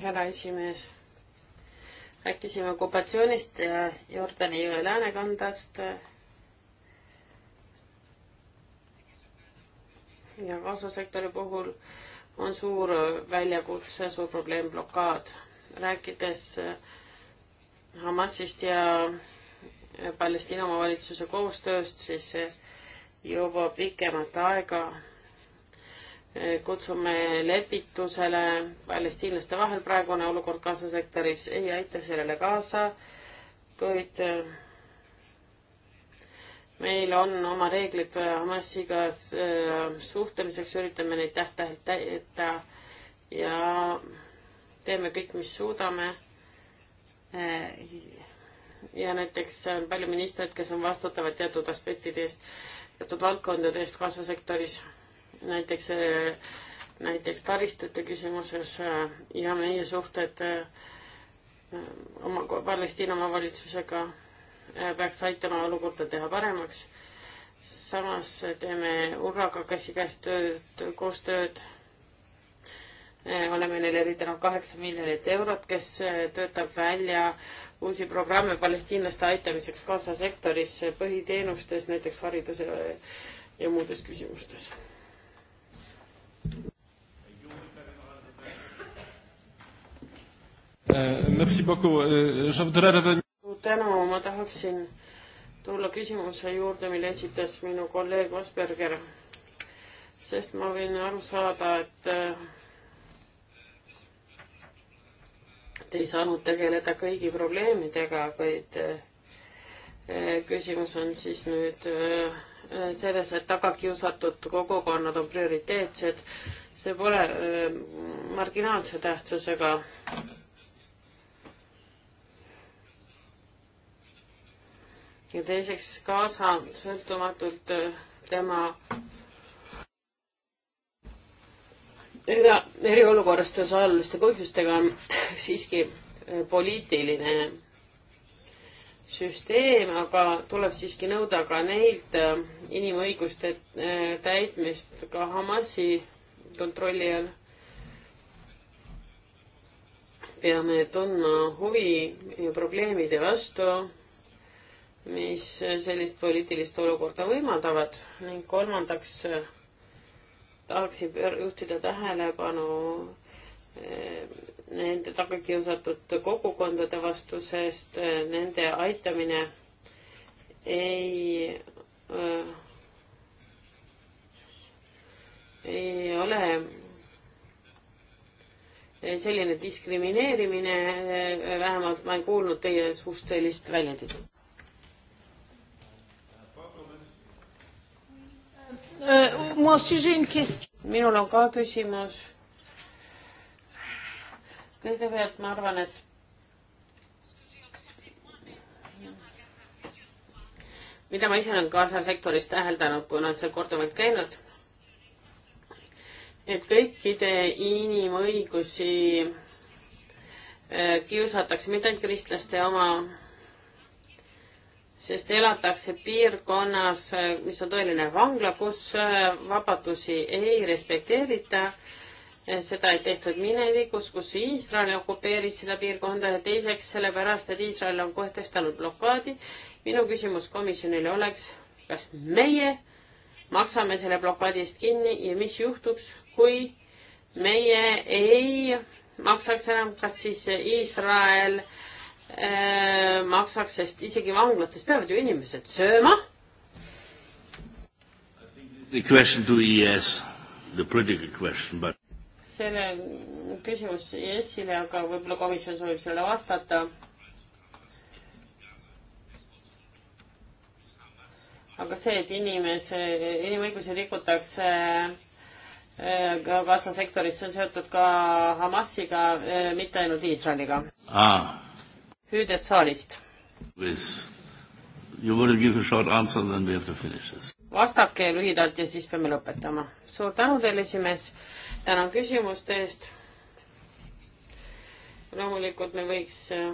härra esimees rääkisime okupatsioonist ja Jordani jõe läänekandast. ja kasvusektori puhul on suur väljakutse, suur probleem blokaad. rääkides äh, Hamasist ja äh, Palestiina omavalitsuse koostööst, siis juba pikemat aega kutsume lepitusele palestiinlaste vahel, praegune olukord Gaza sektoris ei aita sellele kaasa, kuid äh, meil on oma reeglid äh, Hamasiga äh, suhtlemiseks, üritame neid täht-tähelt täita ja teeme kõik, mis suudame. ja näiteks on palju ministreid, kes on vastutavad teatud aspektide eest, teatud valdkondade eest kasvusektoris näiteks, eh, näiteks taristute küsimuses eh, ja meie suhted eh, oma, Palestiina omavalitsusega peaks aitama olukorda teha paremaks. samas teeme Urraga käsikäes tööd, koostööd. oleme neile eraldanud kaheksa miljonit eurot, kes töötab välja uusi programme palestiinlaste aitamiseks Gaza sektoris põhiteenustes, näiteks hariduse ja muudes küsimustes Eh, eh, suur tänu, ma tahaksin tulla küsimuse juurde, mille esitas minu kolleeg Osberger, sest ma võin aru saada, et eh, te ei saanud tegeleda kõigi probleemidega, kuid küsimus on siis nüüd selles, et tagakiusatud kogukonnad on prioriteetsed. see pole marginaalse tähtsusega ja teiseks kaasa sõltumatult äh, tema era, eriolukorrast ja sõjaliste põhjustega on (coughs) siiski äh, poliitiline süsteem, aga tuleb siiski nõuda ka neilt äh, inimõiguste täitmist ka Hamasi kontrolli all. peame tundma huvi probleemide vastu mis sellist poliitilist olukorda võimaldavad ning kolmandaks tahaksin juhtida tähelepanu eh, nende tagakiusatud kogukondade vastu, sest eh, nende aitamine ei, eh, ei ole selline diskrimineerimine, vähemalt ma ei kuulnud teie suust sellist väljendit Uh, minul on ka küsimus. kõigepealt ma arvan, et mida ma ise olen kaasasektoris täheldanud, kui olen seal korduvalt käinud, et kõikide inimõigusi äh, kiusatakse, mitte ainult kristlaste oma sest elatakse piirkonnas, mis on tõeline vangla, kus äh, vabadusi ei respekteerita. Äh, seda ei tehtud minevikus, kus Iisrael okupeeris seda piirkonda ja teiseks sellepärast, et Iisrael on kehtestanud blokaadi. minu küsimus komisjonile oleks, kas meie maksame selle blokaadi eest kinni ja mis juhtuks, kui meie ei maksaks enam, kas siis Iisrael äh, Äh, maksaks, sest isegi vanglates peavad ju inimesed sööma. The question to EAS, the political question, but selle küsimus EAS-ile, aga võib-olla komisjon soovib sellele vastata. aga see, et inimese, inimõigusi rikutakse Gaza äh, sektoris, see on seotud ka Hamasiga, äh, mitte ainult Iisraeliga ah hüüded saalist. vastake lühidalt ja siis peame lõpetama. suur tänu teile, esimees. tänan küsimuste eest. loomulikult me võiks eh,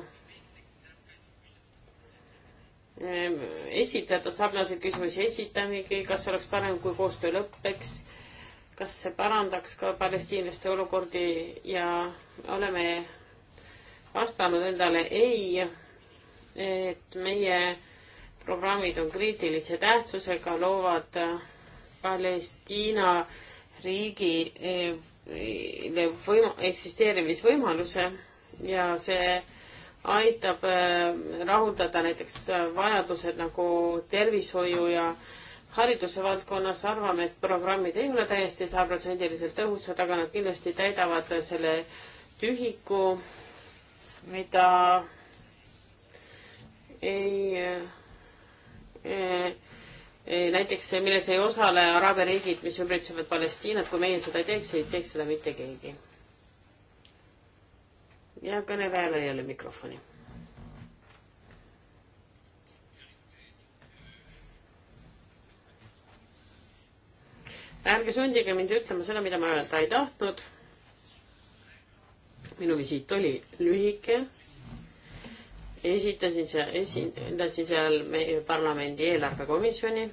esitada sarnaseid küsimusi, esitamegi, kas oleks parem, kui koostöö lõpeks kas see parandaks ka palestiinlaste olukordi ja oleme vastanud endale ei, et meie programmid on kriitilise tähtsusega, loovad Palestiina riigi e, e, võim-, eksisteerimisvõimaluse ja see aitab e, rahuldada näiteks vajadused nagu tervishoiu ja hariduse valdkonnas arvame, et programmid ei ole täiesti sajaprotsendiliselt tõhusad, aga nad kindlasti täidavad selle tühiku, mida ei, ei, eh, ei, eh, näiteks milles ei osale araabia riigid, mis ümbritsevad Palestiinat, kui meie seda ei teeks, ei teeks seda mitte keegi. ja kõnelejal ei ole mikrofoni. ärge sundige mind ütlema seda, mida ma öelda ei tahtnud minu visiit oli lühike. esitasin seal, esindasin seal meie parlamendi eelarvekomisjoni.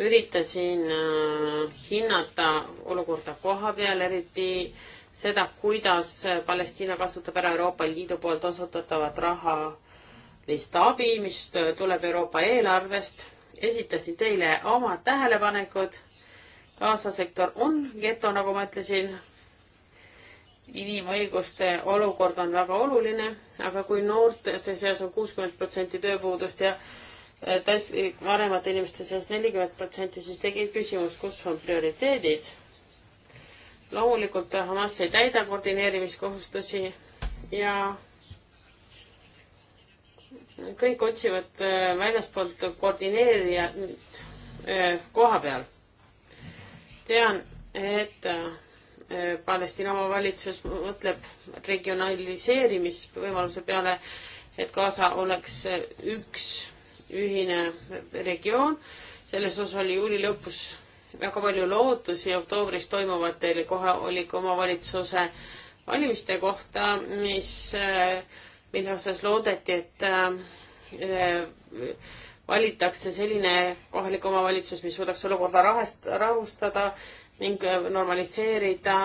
üritasin äh, hinnata olukorda koha peal, eriti seda, kuidas Palestiina kasutab ära Euroopa Liidu poolt osutatavat rahalist abi, mis tuleb Euroopa eelarvest. esitasin teile omad tähelepanekud. Gaza sektor on geto, nagu ma ütlesin inimõiguste olukord on väga oluline, aga kui noorte seas on kuuskümmend protsenti tööpuudust ja eh, täis, vanemate inimeste seas nelikümmend protsenti, siis tekib küsimus, kus on prioriteedid. loomulikult Hamas ei täida koordineerimiskohustusi ja kõik otsivad eh, väljaspoolt koordineerijat eh, koha peal. tean, et Palestiina omavalitsus mõtleb regionaliseerimisvõimaluse peale, et Gaza oleks üks ühine regioon. selles osas oli juuli lõpus väga palju lootusi oktoobris toimuvatel kohaliku omavalitsuse valimiste kohta, mis, mille osas loodeti, et äh, valitakse selline kohalik omavalitsus, mis suudaks olukorda rahast, rahustada ning äh, normaliseerida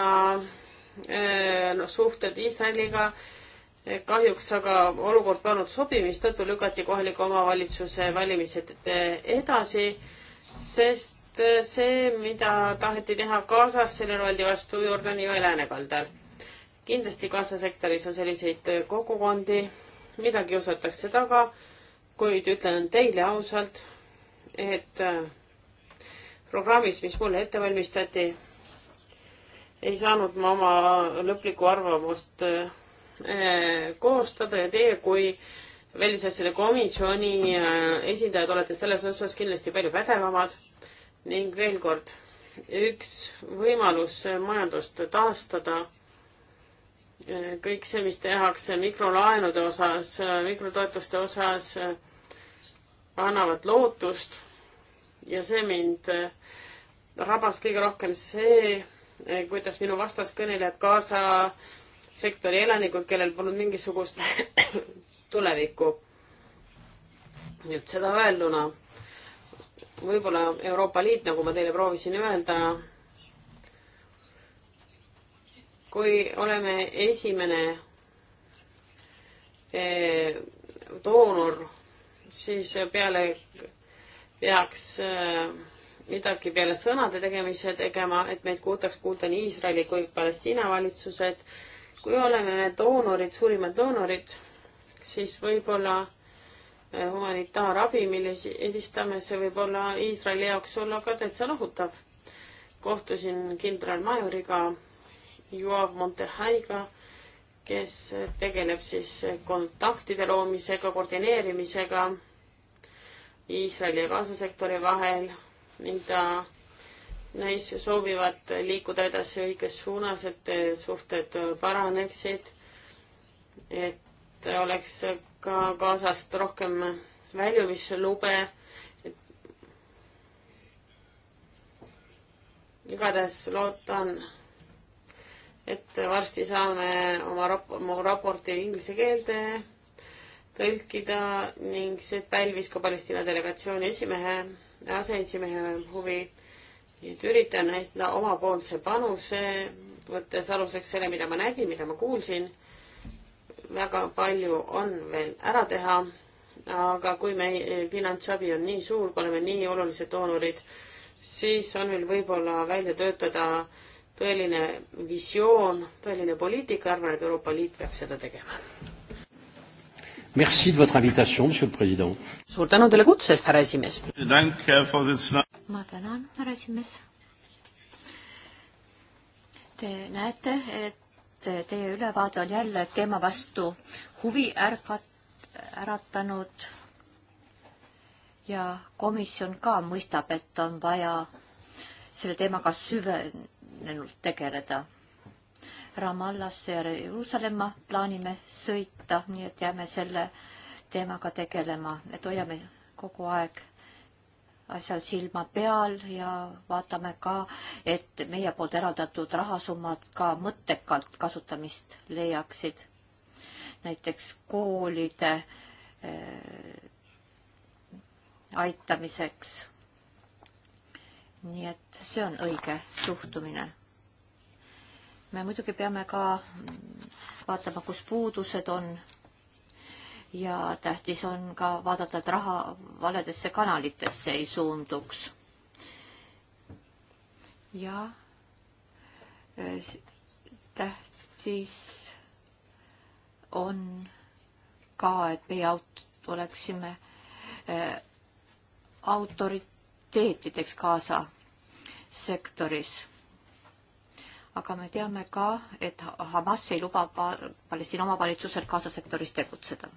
äh, no, suhted Iisraeliga. Äh, kahjuks aga olukord polnud sobiv, mistõttu lükati kohaliku omavalitsuse valimised edasi, sest see, mida taheti teha Gazas, sellele oldi vastu Jordani jõe läänekaldal. kindlasti Gaza sektoris on selliseid kogukondi, mida kiusatakse taga, kuid ütlen teile ausalt, et programmis, mis mulle ette valmistati, ei saanud ma oma lõplikku arvamust äh, koostada ja teie kui välisasjade komisjoni äh, esindajad olete selles osas kindlasti palju pädevamad ning veel kord, üks võimalus majandust taastada, äh, kõik see, mis tehakse mikrolaenude osas, mikrotoetuste osas, annavad lootust ja see mind äh, rabas kõige rohkem see, äh, kuidas minu vastaskõnelejad kaasa sektori elanikud, kellel polnud mingisugust (coughs) tulevikku. nii et seda öelduna, võib-olla Euroopa Liit, nagu ma teile proovisin öelda, kui oleme esimene äh, doonor, siis peale peaks äh, midagi peale sõnade tegemise tegema, et meid kuultaks kuulda nii Iisraeli kui Palestiina valitsused. kui oleme doonorid, suurimad doonorid, siis võib-olla äh, humanitaarabi, mille edistame, see võib olla Iisraeli jaoks olla ka täitsa lohutav. kohtusin kindralmajoriga Joav Montehaiga, kes tegeleb siis kontaktide loomisega, koordineerimisega Iisraeli ja Gaza sektori vahel ning ta, neis soovivad liikuda edasi õiges suunas, et suhted paraneksid, et oleks ka Gazast rohkem väljumislube. igatahes loodan, et varsti saame oma rap-, mu raporti inglise keelde tõlkida ning see pälvis ka Palestiina delegatsiooni esimehe, aseesimehe huvi. nii et üritan anda omapoolse panuse, võttes aluseks selle, mida ma nägin, mida ma kuulsin. väga palju on veel ära teha, aga kui meie finantsabi on nii suur, kui oleme nii olulised doonorid, siis on meil võib-olla välja töötada tõeline visioon, tõeline poliitika, arvan, et Euroopa Liit peaks seda tegema Merci de votre invitation, monsieur le president. suur tänu teile kutse eest, härra esimees. ma tänan, härra esimees. Te näete, et teie ülevaade on jälle teema vastu huvi ärkat-, äratanud ja komisjon ka mõistab, et on vaja selle teemaga süvenenult tegeleda. Ramallasse ja Jeruusalemma plaanime sõita, nii et jääme selle teemaga tegelema, et hoiame kogu aeg asjal silma peal ja vaatame ka, et meie poolt eraldatud rahasummad ka mõttekalt kasutamist leiaksid. näiteks koolide äh, aitamiseks. nii et see on õige suhtumine me muidugi peame ka vaatama, kus puudused on ja tähtis on ka vaadata, et raha valedesse kanalitesse ei suunduks. ja äh, tähtis on ka, et meie aut-, oleksime äh, autoriteetideks kaasa sektoris aga me teame ka, et Hamas ei luba Palestiina omavalitsusel Gaza sektoris tegutseda.